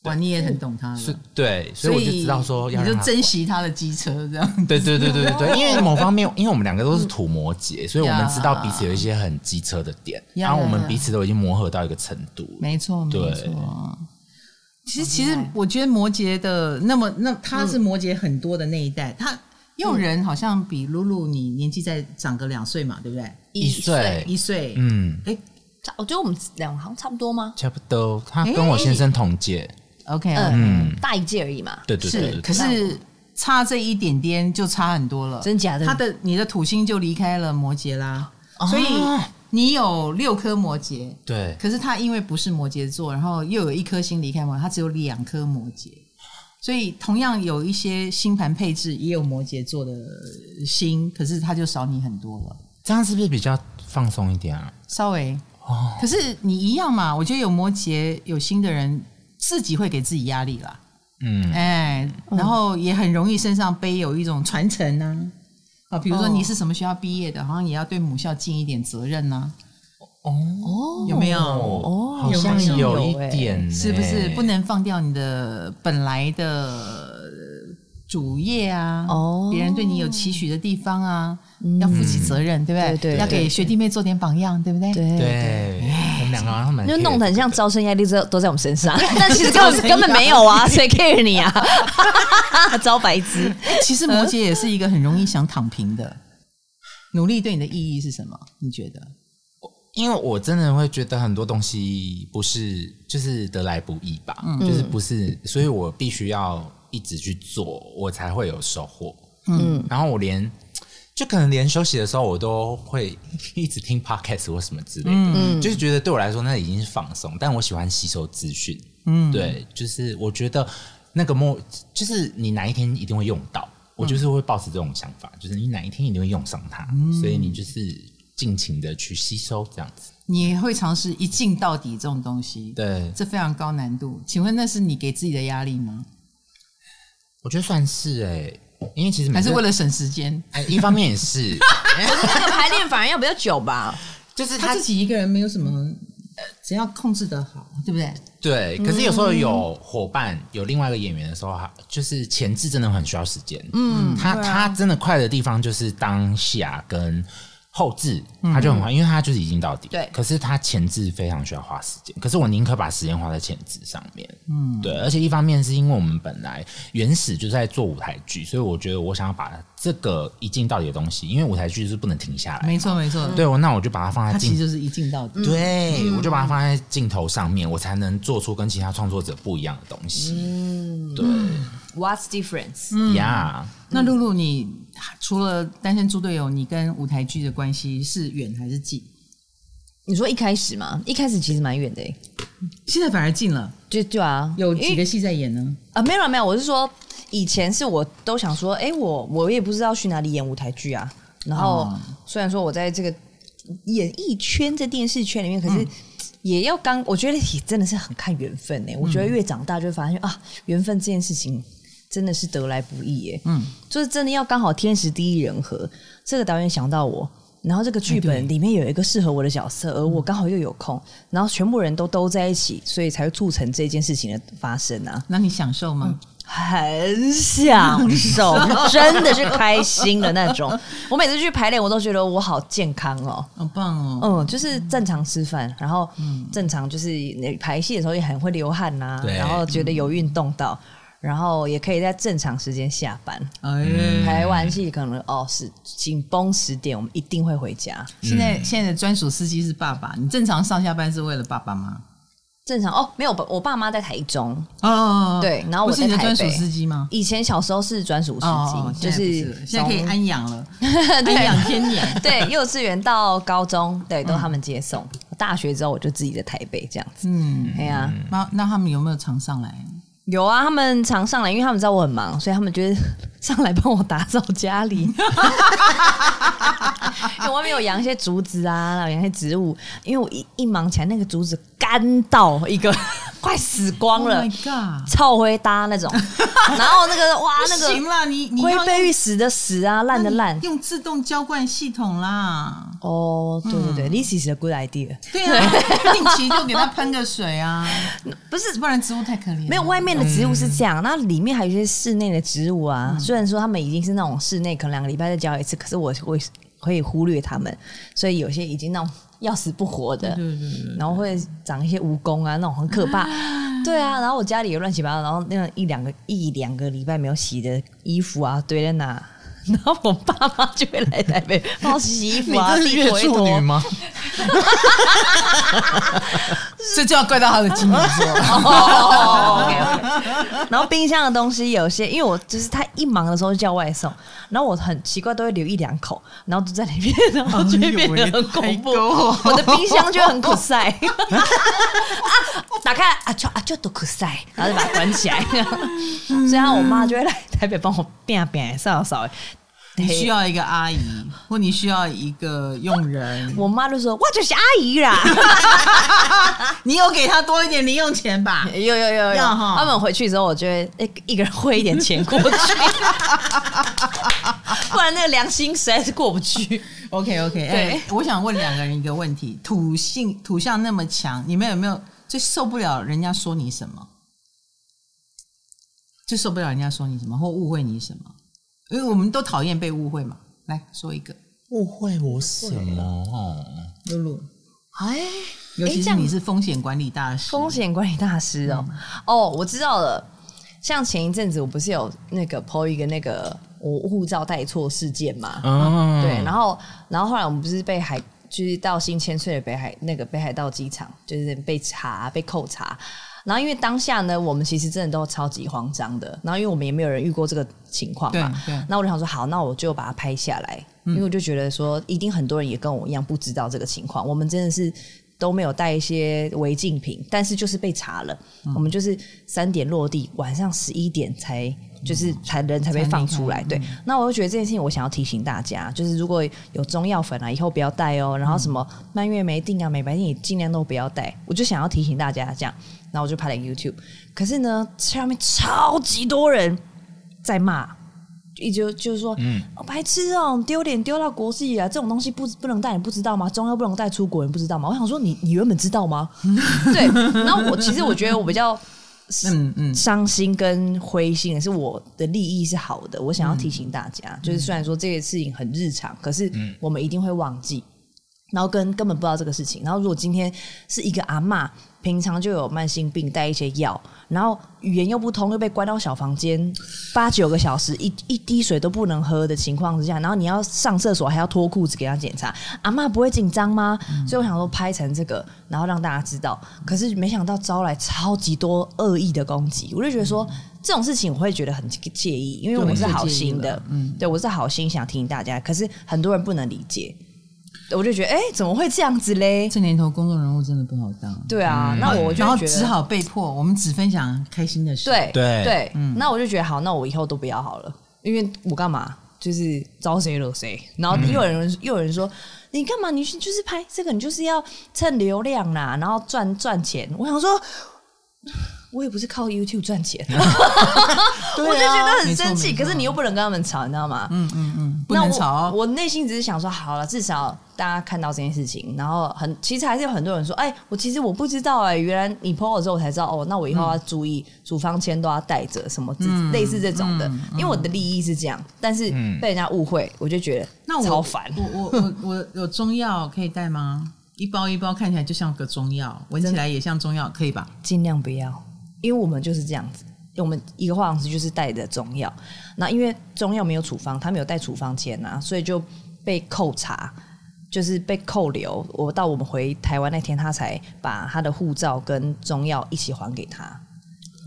哇，你也很懂他。是，對，所以所以，所以我就知道說，你就珍惜他的機車這樣。對，對對對對對對，因為某方面，因為我們兩個都是土摩羯，所以我們知道彼此有一些很機車的點，嗯，然後我們彼此都已經磨合到一個程度。沒錯，沒錯。其實，其實我覺得摩羯的那麼那他是摩羯很多的那一代，他、嗯。又仁好像比 LuLu 你年紀再長個兩歲嘛，對不對？一歲，一歲。嗯，誒，我覺得我們兩行差不多嗎？差不多，他跟我先生同屆。欸、okay, OK，嗯，大一屆而已嘛。對對對是。可是差這一點點就差很多了，真假的？他的你的土星就離開了摩羯啦，哦、所以你有六顆摩羯。對。可是他因為不是摩羯座，然後又有一顆星離開摩羯，他只有兩顆摩羯。所以，同樣有一些星盤配置，也有摩羯座的星，可是他就少你很多了。這樣是不是比較放鬆一點？啊、稍微。哦。可是你一樣嘛？我覺得有摩羯有星的人，自己會給自己壓力啦。嗯、欸。然後也很容易身上背有一種傳承吶、啊。啊、哦，比如說你是什麼學校畢業的，好像也要對母校盡一點責任呢、啊。哦、oh, oh,，有沒有？Oh, 好像有一點、欸，是不是不能放掉你的本來的主業啊？哦，別人對你有期許的地方啊，嗯、要負起責任，對不對？對，對，要給學弟妹做點榜樣，對不對，對？對對，對，我們兩個蠻就弄得很像招生壓力都都在我們身上，身上 但其實根本根本沒有啊，誰 care 你啊？ 招白痴、欸。其實摩羯也是一個很容易想躺平的，呃、努力對你的意義是什麼？你覺得？因為我真的會覺得很多東西不是就是得來不易吧，嗯、就是不是，所以我必須要一直去做，我才會有收穫、嗯。嗯，然後我連就可能連休息的時候，我都會一直聽 podcast 或什麼之類的，嗯嗯、就是覺得對我來說，那已經是放鬆，但我喜歡吸收資訊，嗯，對，就是我覺得那個莫就是你哪一天一定會用到，我就是會抱持這種想法，就是你哪一天一定會用上它，嗯、所以你就是。盡情的去吸收，這樣子。你也會嘗試一鏡到底這種東西？對，這非常高難度。請問那是你給自己的壓力嗎？我覺得算是哎、欸，因為其實還是為了省時間。哎、欸，一方面也是，可 是那個排練反而要比較久吧？就是他自己一個人沒有什麼，呃，只要控制得好，對不對？對。可是有時候有夥伴、嗯，有另外一個演員的時候，哈，就是前置真的很需要時間。嗯，他、啊、他真的快的地方就是當下跟。後置、嗯、它就很快，因為它就是一鏡到底。對，可是它前置非常需要花時間。可是我寧可把時間花在前置上面。嗯，對，而且一方面是因為我們本來原始就是在做舞台劇，所以我覺得我想要把這個一鏡到底的東西，因為舞台劇是不能停下來。沒錯，沒錯、嗯。對，我那我就把它放在，它其實就是一鏡到底。嗯、對、嗯，我就把它放在鏡頭上面，我才能做出跟其他創作者不一樣的東西。嗯，對。嗯、What's difference？Yeah，、嗯、那露露你，除了單身租隊友，你跟舞台劇的關係是遠還是近？你說一開始嘛，一開始其實蠻遠的、欸，現在反而近了，就就啊，有幾個戲在演呢？啊沒有沒有，我是說以前是我都想說，哎、欸、我我也不知道去哪裡演舞台劇啊。然後、哦、雖然說我在這個演藝圈、在電視圈裡面，可是也要剛、嗯，我覺得也真的是很看緣分呢、欸，我覺得越長大就會發現、嗯、啊，緣分這件事情。真的是得來不易耶、欸，嗯，就是真的要剛好天時地利人和。這個導演想到我，然後這個劇本裡面有一個適合我的角色，嗯、而我剛好又有空，然後全部人都都在一起，所以才會促成這件事情的發生啊。那你享受嗎？嗯、很享受， 真的是開心的那種。 我每次去排練，我都覺得我好健康哦，好棒哦，嗯，就是正常吃飯，然後嗯，正常就是排戲的時候也很會流汗吶、啊，然後覺得有運動到。嗯然後也可以在正常時間下班。哎、嗯，台灣是可能哦，是緊繃十點，我們一定會回家。現在現在的專屬司機是爸爸。你正常上下班是為了爸爸嗎？正常哦，沒有，我爸媽在台中哦，哦，哦。對，然後我在是你的專屬司機嗎？以前小時候是專屬司機，就、哦哦、是現在可以安養了， 對安養天養天年。 對，幼稚園到高中，對，都他們接送、嗯。大學之後我就自己在台北這樣子。嗯，哎呀、啊，那、嗯、那他們有沒有常上來？有啊，他們常上來，因為他們知道我很忙，所以他們就是上來幫我打掃家裡。 因為我外面有養一些竹子啊，養些植物，因為我一一忙起來，那個竹子乾到一個快死光了，臭、oh、灰搭那種。然後那個哇，那個行了，你你龜背芋死的死啊，爛的爛，爛爛用自動澆灌系統啦。哦、oh,，對對對、嗯、，This is a good idea。對、啊， 定期就給它噴個水啊， 不是，不然植物太可憐。沒有，外面的植物是這樣，那、嗯、裡面還有一些室內的植物啊、嗯。雖然說他們已經是那種室內，可能兩個禮拜再澆一次，可是我會我可以忽略他們。所以有些已經那種要死不活的，對對對對，然後會長一些蜈蚣啊，那種很可怕、啊。對啊，然後我家裡也亂七八糟，然後那種一兩個一兩個禮拜沒有洗的衣服啊，堆在那。 然後我爸媽就會來台北幫我洗衣服啊，你是月處女嗎？所 以就要怪到他的基因上。 o、oh, okay, okay. 然後冰箱的東西有些，因為我就是他一忙的時候就叫外送，然後我很奇怪都會留一兩口，然後就在裡面，然這邊很恐怖，哦欸、 我的冰箱就很酷塞、 啊，打開啊就、啊、就都酷塞，然後就把它關起來。雖 然我媽就會來台北幫我邊邊掃掃。你需要一個阿姨，或你需要一個傭人。我媽都說：“我就是阿姨啦。 ” 你有給他多一點零用錢吧？有有有有。 他們回去之後，我覺得欸，一個人匯一點錢過去， 不然那個良心實在是過不去。OK OK，對，欸、我想問兩個人一個問題：土性土象那麼強，你們有沒有最受不了人家說你什麼？最受不了人家說你什麼，或誤會你什麼？因為我們都討厭被誤會嘛，來說一個，誤會我什麼？啊？露露，哎，尤其是你是風險管理大師，風險管理大師哦，嗯，哦，我知道了。像前一陣子我不是有那個 po 一個那個我護照帶錯事件嘛，啊，對，然後然後後來我們不是被海就是到新千歲的北海那個北海道機場，就是被查被扣查，然後因為當下呢，我們其實真的都超級慌張的。然後因為我們也沒有人遇過這個情況嘛，那我就想說，好，那我就把它拍下來，嗯、因為我就覺得說，一定很多人也跟我一樣不知道這個情況。我們真的是都沒有帶一些違禁品，但是就是被查了。嗯、我們就是三點落地，晚上十一點才、嗯、就是才人才被放出來。對、嗯，那我就覺得這件事情，我想要提醒大家，就是如果有中藥粉啊，以後不要帶哦。然後什麼蔓越莓錠啊、美白錠你儘量都不要帶。我就想要提醒大家這樣。然後我就拍了 YouTube，可是呢，上面超級多人在罵，一直就是說：“嗯，白痴哦、喔，丟臉丟到國際啊！這種東西不不能帶，你不知道嗎？中藥不能帶出國，你不知道嗎？”我想說你，你你原本知道嗎？ 對。然後我其實我覺得我比較傷心跟灰心，是我的利益是好的，我想要提醒大家、嗯，就是雖然說這些事情很日常，可是我們一定會忘記，然後跟根本不知道這個事情。然後如果今天是一個阿嬤。平常就有慢性病，帶一些藥，然後語言又不通，又被關到小房間八九個小時一，一一滴水都不能喝的情況之下，然後你要上廁所還要脫褲子給他檢查，阿嬤不會緊張嗎、嗯？所以我想說拍成這個，然後讓大家知道。可是沒想到招來超級多惡意的攻擊，我就覺得說、嗯、這種事情我會覺得很介意，因為我是好心的，嗯，對我是好心想提醒大家，可是很多人不能理解。我就覺得，哎、欸，怎麼會這樣子嘞？這年頭，公眾人物真的不好當。對啊，嗯、那我就只好被迫，我們只分享開心的事。對對對、嗯，那我就覺得好，那我以後都不要好了，因為我幹嘛？就是招誰惹誰？然後又有人、嗯、又有人說，你幹嘛？你去就是拍這個，你就是要蹭流量啦、啊，然後賺賺錢。我想說。 我也不是靠 YouTube 賺錢的 對、啊， 我就覺得很生氣。沒錯沒錯可是你又不能跟他們吵，你知道嗎？嗯嗯嗯，嗯哦、那我吵。我內心只是想說，好了，至少大家看到這件事情，然後很其實還是有很多人說，哎、欸，我其實我不知道哎、欸，原來你 PO 了之後我才知道哦、喔。那我以後要注意，處方箋都要帶着什麼，類似這種的、嗯嗯嗯。因為我的利益是這樣，但是被人家誤會，嗯、我就覺得超那超煩。 我我我我有中藥可以帶嗎？一包一包看起來就像個中藥，聞起來也像中藥，可以吧？盡量不要。因為我們就是這樣子，我們一個化妝師就是帶着中藥，那因為中藥沒有處方，他沒有帶處方簽吶、啊，所以就被扣查，就是被扣留。我到我們回台灣那天，他才把他的護照跟中藥一起還給他。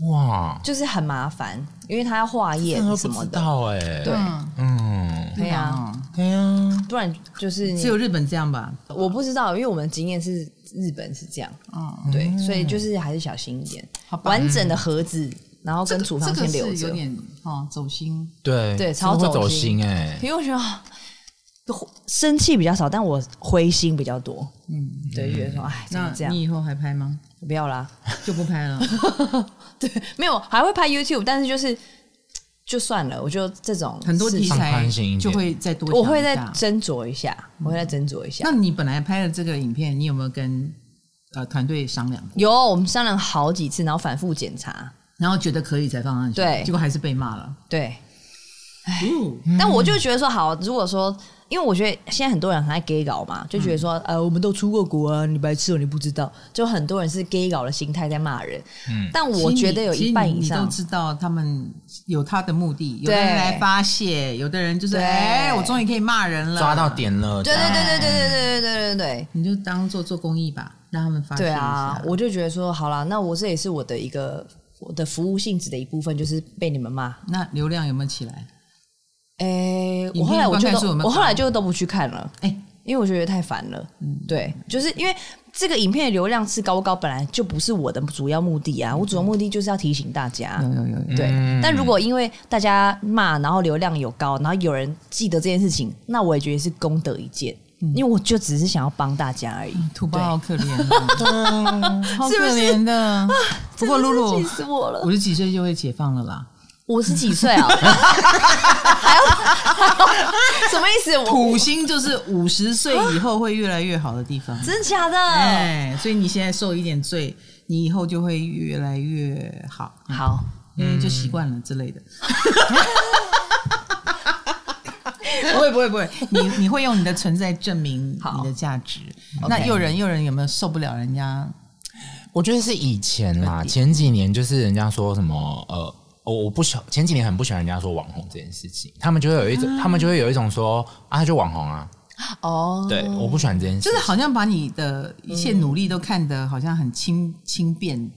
哇，就是很麻煩，因為他要化驗什麼的。哎、欸，對，嗯，對、嗯、呀，對呀、啊。不、啊啊、然就是只有日本這樣吧？我不知道，因為我們經驗是。日本是這樣，嗯，對，所以就是還是小心一點。嗯、完整的盒子，然後跟廚、這個、房先留着，這個這個、有點哦，走心，對對，超走心哎、欸，因為我覺得、啊、生氣比較少，但我灰心比較多，嗯，對，嗯、覺得說哎，怎麼這樣？你以後還拍嗎？我不要啦， 就不拍了。 對，沒有，還會拍 YouTube，但是就是。就算了，我就這種很多題材就會再多一，我會再斟酌一下、嗯，我會再斟酌一下。那你本來拍的這個影片，你有沒有跟呃團隊商量？有，我們商量好幾次，然後反覆檢查，然後覺得可以才放上去，對，結果還是被罵了。對，哎、嗯，但我就覺得說，好，如果說。因為我覺得現在很多人很愛 gay 搞嘛，就覺得說，嗯、呃，我們都出過國、啊，你白痴我、喔，你不知道。就很多人是 gay 搞的心態在罵人、嗯，但我覺得有一半以上，你，你都知道他們有他的目的，有的人來發洩，有的人就是，哎、欸，我終於可以罵人了，了，抓到點了，對對對對對對對對對對，對，對，對，對，對，對，對，你就當做做公益吧，讓他們發洩一下。對啊，我就覺得說，好了，那我這也是我的一個我的服務性質的一部分，就是被你們罵，那流量有沒有起來？哎、欸，我後來完全都，我後來就都不去看了。哎、欸，因為我覺得太煩了。嗯，對，就是因為這個影片的流量是高不高，本來就不是我的主要目的啊。我主要目的就是要提醒大家。有、嗯、對、嗯。但如果因為大家罵，然後流量有高，然後有人記得這件事情，那我也覺得是功德一件。嗯。因為我就只是想要幫大家而已。兔、嗯、包好可憐啊、 呃！好可憐的。是不過，露、啊、露，氣死我了！五十幾歲就會解放了啦。五十幾歲啊、哦？ 什麼意思？土星就是五十歲以後會越來越好的地方，啊、真假的？哎、欸，所以你現在受一點罪，你以後就會越來越好，好，因為就習慣了之類的。不、嗯、會， 不會，不 會，你你會用你的存在證明你的價值。那又仁，又、okay. 仁有沒有受不了人家？我覺得是以前啦，嗯、前幾年就是人家說什麼呃。我我不喜前幾年很不喜歡人家說網紅這件事情，他們就會有一種，嗯、他們就會有一種說啊，他就網紅啊，哦，對，我不喜歡這件事情，就是好像把你的一切努力都看得好像很輕輕、嗯、便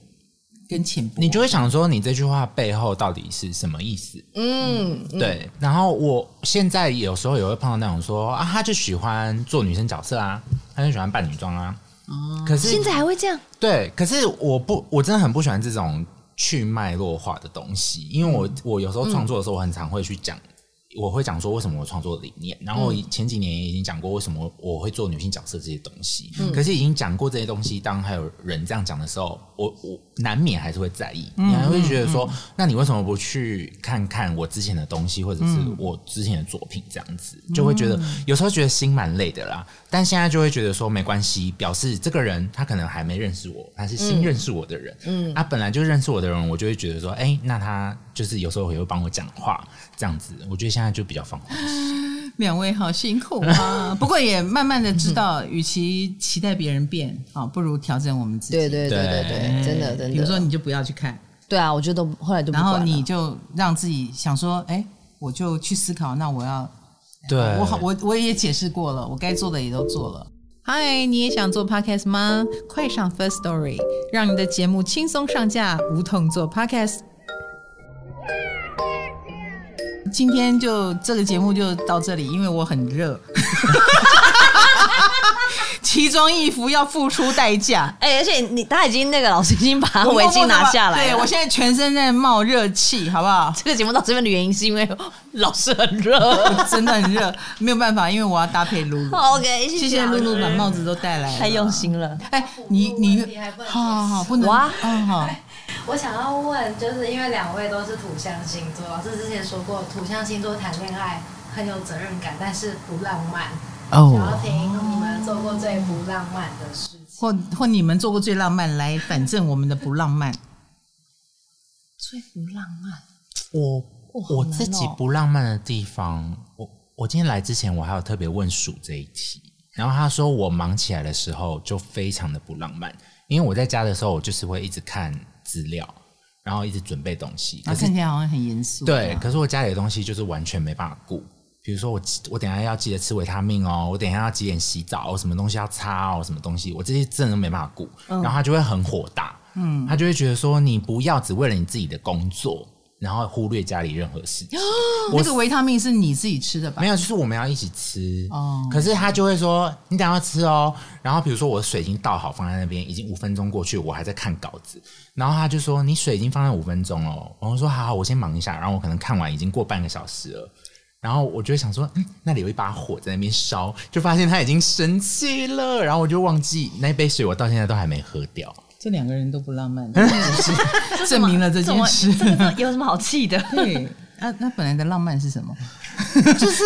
跟淺薄，你就會想說你這句話背後到底是什麼意思？嗯，對。然後我現在有時候也會碰到那種說啊，他就喜歡做女生角色啊，他就喜歡扮女裝啊、哦，可是現在還會這樣？對，可是我不，我真的很不喜歡這種。去脈絡化的東西，因為我我有時候創作的時候，我很常會去講。嗯嗯我會講說為什麼我創作的理念，然後前幾年也已經講過為什麼我會做女性角色這些東西。嗯、可是已經講過這些東西，當還有人這樣講的時候，我我難免還是會在意，嗯、你還會覺得說、嗯嗯，那你為什麼不去看看我之前的東西，或者是我之前的作品這樣子？就會覺得有時候覺得心蠻累的啦。但現在就會覺得說沒關係，表示這個人他可能還沒認識我，他是新認識我的人。嗯，他、嗯啊、本來就認識我的人，我就會覺得說，誒、欸，那他。就是有時候也會幫我講話，這樣子，我覺得現在就比較放鬆。兩位好辛苦啊！不過也慢慢的知道，與 其期待別人變啊，不如調整我們自己。對對對對對，對真的真的。比如說，你就不要去看。對啊，我覺得後來就然後你就讓自己想說，哎、欸，我就去思考，那我要對我好，我我也解釋過了，我該做的也都做了。嗨，你也想做 podcast 嗎？快上 First Story，讓你的節目輕鬆上架，無痛做 podcast。今天就這個節目就到這裡，因為我很熱，奇裝異服要付出代價。哎、欸，而且你他已經那個老師已經把圍巾拿下來不不，對我現在全身在冒熱氣，好不好？這個節目到這邊的原因是因為、哦、老師很熱，真的很熱， 沒有辦法，因為我要搭配露露。OK，謝謝，謝謝露露把帽子都帶來了，太用心了。哎、欸，你你，你好好，好，好，好不能哇嗯好我想要問，就是因為兩位都是土象星座，老師之前說過，土象星座談戀愛很有責任感，但是不浪漫。哦，想要聽你們做過最不浪漫的事情，或或你們做過最浪漫，來反證我們的不浪漫。 最不浪漫，我、喔、我自己不浪漫的地方，我我今天來之前，我還有特別問鼠這一題，然後他說我忙起來的時候就非常的不浪漫，因為我在家的時候，我就是會一直看。資料，然後一直準備東西，可是、啊、看起來好像很嚴肅、啊。對，可是我家裡的東西就是完全沒辦法顧，比如說我我等一下要記得吃維他命哦，我等一下要幾點洗澡什麼東西要擦哦，什麼東西，我這些真的都沒辦法顧、哦。然後他就會很火大，嗯，他就會覺得說你不要只為了你自己的工作，然後忽略家裡任何事情。哦、我那個維他命是你自己吃的吧？沒有，就是我們要一起吃。哦。可是他就會說：“你等一下要吃哦。”然後比如說，我的水已經倒好，放在那邊，已經五分鐘過去，我還在看稿子。然後他就說：“你水已經放在五分鐘了。”然後我說：“好好，我先忙一下。”然後我可能看完已經過半個小時了。然後我就會想說：“嗯，那裡有一把火在那邊燒。”就發現他已經生氣了。然後我就忘記那杯水，我到現在都還沒喝掉。這兩個人都不浪漫，就是、證明了這件事。有 什麼，麼，麼有什麼好氣的？對，那、啊、 那本來的浪漫是什麼？就是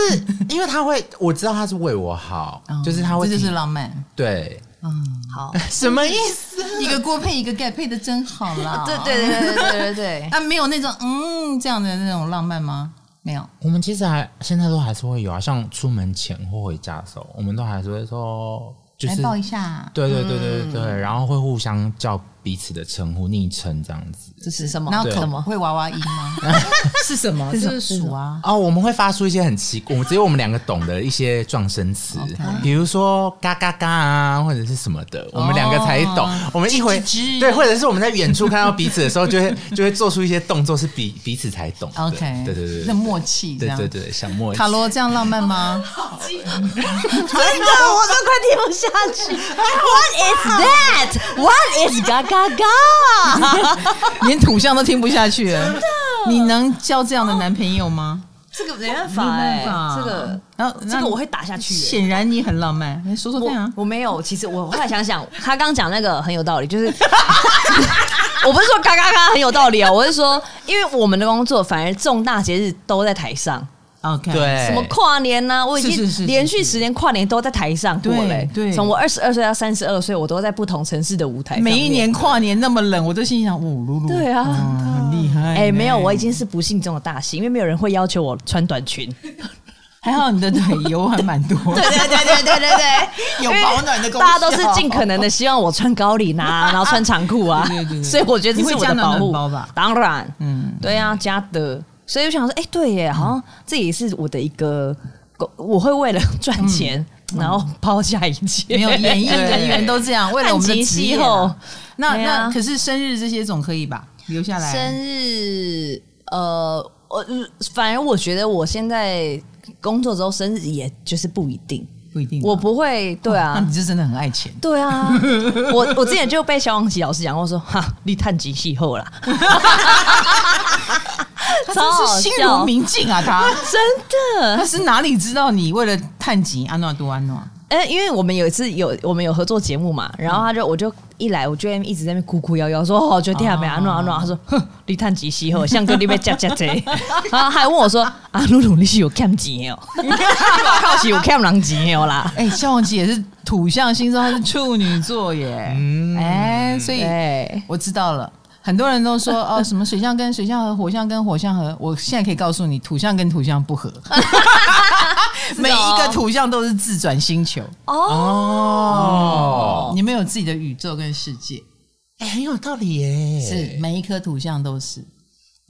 因為他會，我知道他是為我好，哦、就是他會。這就是浪漫。對，嗯，好，什麼意思？一個鍋配一個蓋，配得真好啦、哦。對對對對對對對。 啊，沒有那種嗯這樣的那種浪漫嗎？沒有。我們其實還現在都還是會有啊，像出門前或回家的時候，我們都還是會說。來抱一下，對對對對對、嗯，然後會互相叫。彼此的稱呼、昵稱這樣子，這是什麼？然後會娃娃音嗎？ 是什麼？這是鼠啊！哦，我們會發出一些很奇怪，只有我們兩個懂的一些狀聲詞，okay. 比如說嘎嘎嘎啊，或者是什麼的，oh. 我們兩個才懂。我們一回噛噛噛噛，對，或者是我們在遠處看到彼此的時候，就會 就會做出一些動作，是彼彼此才懂。OK，對對對，對，對，對，對，對，對對對，那默契這樣對對，對，對對，像摸卡羅這樣浪漫嗎？真的，我都快聽不下去。What is that? What is 嘎嘎？啊！嘎，連土象都聽不下去、欸，你能交這樣的男朋友嗎？哦、這個沒辦法、欸，哎，這個，然、啊、後這個我會打下去、欸。顯然你很浪漫，你說說看啊！我沒有，其實我後來想想，他剛講那個很有道理，就是 我不是說嘎嘎嘎很有道理啊、喔，我是說，因為我們的工作反而重大節日都在台上。Okay，對，什麼跨年啊？我已經連續十年跨年都在台上過。對，從我二十二歲到三十二歲，我都在不同城市的舞台上。每一年跨年那麼冷，我都心想，嗚嚕嚕。對啊，嗯、很厲害。哎、欸，沒有，我已經是不幸中的大幸，因為沒有人會要求我穿短裙。還好你的腿油還蠻多。對 對對對對對對，有保暖的功。大家都是盡可能的希望我穿高領啊，然後穿長褲啊。 對，對，對，對對。所以我覺得這是我的保護。當然，嗯，對啊，加的。所以我想說，哎、欸，對耶、嗯，好像這也是我的一個，我我會為了賺錢、嗯，然後、嗯、拋下一切。 沒有，演藝人員都這樣對對對對對對，為了我們的職業那、啊、那,那可是生日這些總可以吧？留下來。生日，呃，我反而我覺得我現在工作之後，生日也就是不一定。不一定、啊，我不會對啊！那你是真的很愛錢，對啊！ 我我之前就被蕭煌奇老師講過，我說哈，你探及氣候啦， 他真是心如明鏡啊！他 真的，他是哪裡知道你為了探及安暖多安暖？因為我們有一次有我們有合作節目嘛，然後他就我就一來我就一直在那哭哭搖搖說哦，就聽到沒啊，弄啊弄。他說哼，綠炭吉西後，象哥那邊加加賊。啊，還問我說啊，露露你是有看吉沒有？好奇我看狼吉沒有啦？哎、啊，肖王吉也是土象星座，他是處女座耶。哎、欸，所以我知道了。很多人都說哦，什麼水象跟水象合，火象跟火象合。我現在可以告訴你，土象跟土象不合。 每一個土象都是自轉星球哦，哦，哦，你們有自己的宇宙跟世界，哎、欸，很有道理耶、欸。是，每一顆土象都是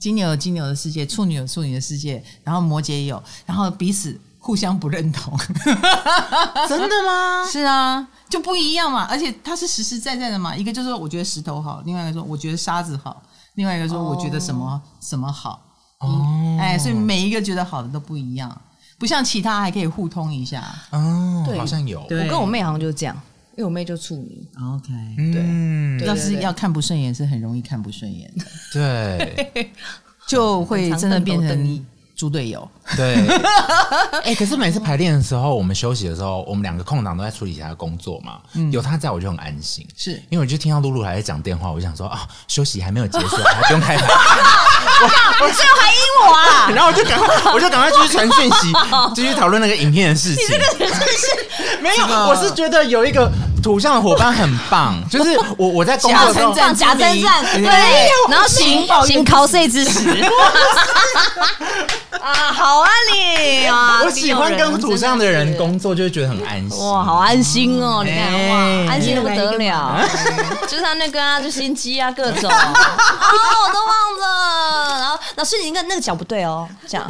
金牛有金牛的世界，處女有處女的世界，然後摩羯也有，然後彼此互相不認同。 真的嗎？是啊，就不一樣嘛。而且它是實實在在，在的嘛。一個就是說，我覺得石頭好，另外一個說，我覺得沙子好，另外一個說，我覺得什麼、哦、什麼好。嗯、哦，哎、欸，所以每一個覺得好的都不一樣。不像其他還可以互通一下哦、oh，對，好像有。我跟我妹好像就是這樣，因為我妹就處女，OK，、嗯、對，對對對對，要是要看不順眼是很容易看不順眼的，對， 對笑就會真的變成。豬隊友，對，哎、欸，可是每次排練的時候，我們休息的時候，我們兩個空檔都在處理其他的工作嘛，有他在我就很安心，嗯、是因為我就聽到露露還在講電話，我就想說啊、哦，休息還沒有結束，還不用開。你最懷疑我啊？我 然後我就趕快，我就趕快出去傳訊息，繼 續討論那個影片的事情。你這個真、就是沒有，我是覺得有一個。嗯土象的夥伴很棒，就是我、我在工作上，加 成長，站對，然後行然後行 cosplay 啊，好啊你啊，我喜歡跟土象的人工作，就會覺得很安心，哇，好安心哦，嗯、你看、欸、哇，安心的不得了，欸啊、就是他那個啊，就心機啊，各種，啊、 哦，我都忘了，然後老師，你應該那個腳、那個、不對哦，這樣。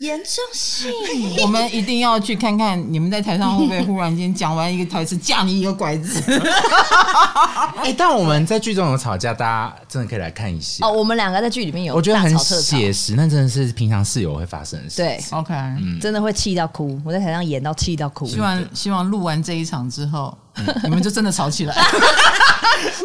嚴重性， 我們一定要去看看你們在台上會不會忽然間講完一個台詞架你一個拐子。哎、 欸，但我們在劇中有吵架，大家真的可以來看一些、欸、哦。我們兩個在劇裡面有吵架，我覺得很寫實，那真的是平常室友會發生的事。對，OK，嗯，真的會氣到哭，我在台上演到氣到哭。希望希望錄完這一場之後。嗯、 你們就真的吵起來，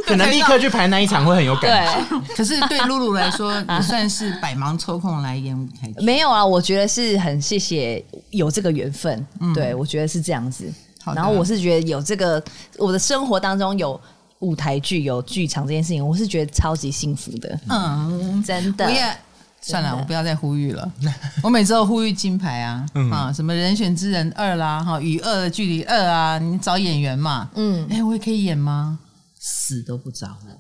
可能立刻去排那一場會很有感覺。可是對 LuLu 來說，也算是百忙抽空來演舞台劇。 沒有啊，我覺得是很謝謝有這個緣分。嗯、對，我覺得是這樣子。然後我是覺得有這個，我的生活當中有舞台劇、有劇場這件事情，我是覺得超級幸福的。嗯，真的。算了，我不要再呼籲了。我每次都呼籲金牌啊， 啊，什麼《人選之人二》啦，哈、啊，與惡的距離二啊，你找演員嘛，嗯，哎、欸，我也可以演嗎？死都不找我，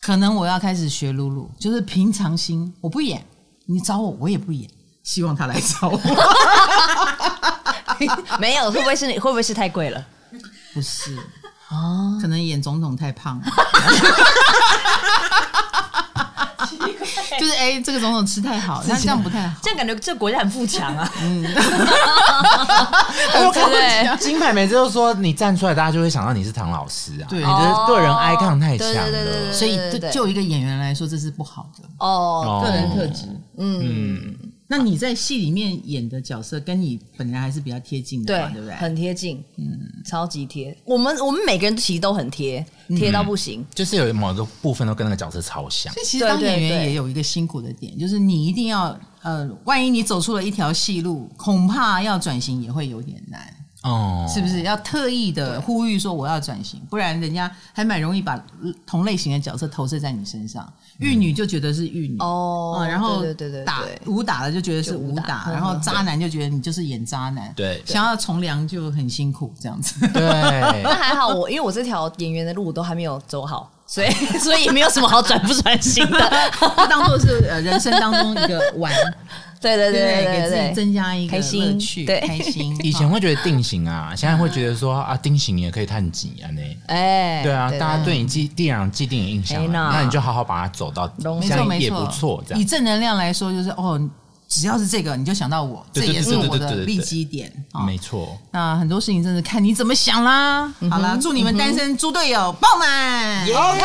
可能我要開始學露露，就是平常心，我不演，你找我，我也不演，希望他來找我。 沒有，會不會是你？會不會是太貴了？不是啊，可能演總統太胖了。 就是誒、欸，這個總統吃太好，這樣不太好。這樣感覺這個國家很富強啊。嗯， 金牌每次都說你站出來，大家就會想到你是唐老師啊。對，你覺得個人 icon 太強了，對對對對對對，所以就就一個演員來說，這是不好的。對對對對哦，個人特質，嗯。嗯那你在戲裡面演的角色，跟你本來還是比較貼近的吧，對，對不對？很貼近，嗯，超級貼。我們我們每個人其實都很貼，貼到不行，嗯。就是有某個部分都跟那個角色超像。這其實當演員也有一個辛苦的點，對對對對，就是你一定要，呃，萬一你走出了一條戲路，恐怕要轉型也會有點難。Oh. 是不是要特意的呼籲說我要轉型，不然人家還蠻容易把同類型的角色投射在你身上。嗯、玉女就覺得是玉女哦、Oh, 嗯，然後對，對對對，打武打的就覺得是武打、武打呵呵呵，然後渣男就覺得你就是演渣男，對，想要從良就很辛苦這樣子。對，那還好我，因為我這條演員的路都還沒有走好，所以所以沒有什麼好轉不轉型的， 當做是、呃、人生當中一個玩。對對對對對，給自己增加一個興趣，對，開心，對。以前會覺得定型啊，嗯、現在會覺得說啊，定型也可以探及啊呢。哎、欸，對啊，大家對你既定既定的印象、欸，那，那你就好好把它走到，相信也不錯。這樣以正能量來說，就是哦。只要是這個，你就想到我，對對對對，這也是我的利基點對對對對對、哦。沒錯，那很多事情真的看你怎麼想啦。嗯、好了、嗯，祝你們單身租隊友爆滿 yeah，OK，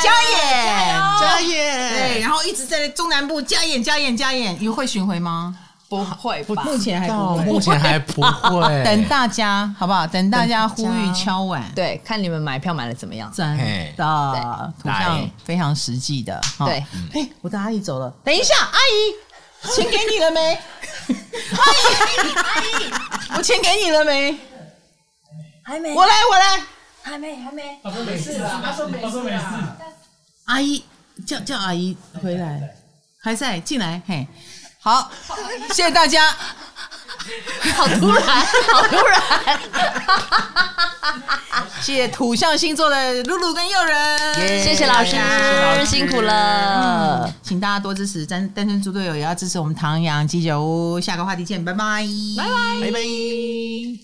加演加演、加演、加演，對，然後一直在中南部加演加演加演，有會巡迴嗎？不會不，目前還不會，目前還不會，等大家好不好？等大家呼籲敲碗，對，看你們買票買得怎麼樣，真的，對來，圖像非常實際的，哦、對。嗯欸、我的阿姨走了，等一下，阿姨。錢給你了沒？阿姨，阿姨，我錢給你了沒？還沒。我來，我來。還沒，還沒。他說沒事了，他說沒事。啊啊沒事啊，阿姨，叫叫阿姨回來，還在，進來，嘿，好，謝謝大家。 好突然， 好突然！ 謝謝土象星座的 LuLu 跟又仁，yeah, 謝，謝，yeah, 謝謝老師，辛苦了，嗯、請大家多支持單單身租隊友，也要支持我們唐陽雞酒屋，下個話題見，拜拜，拜拜，拜拜。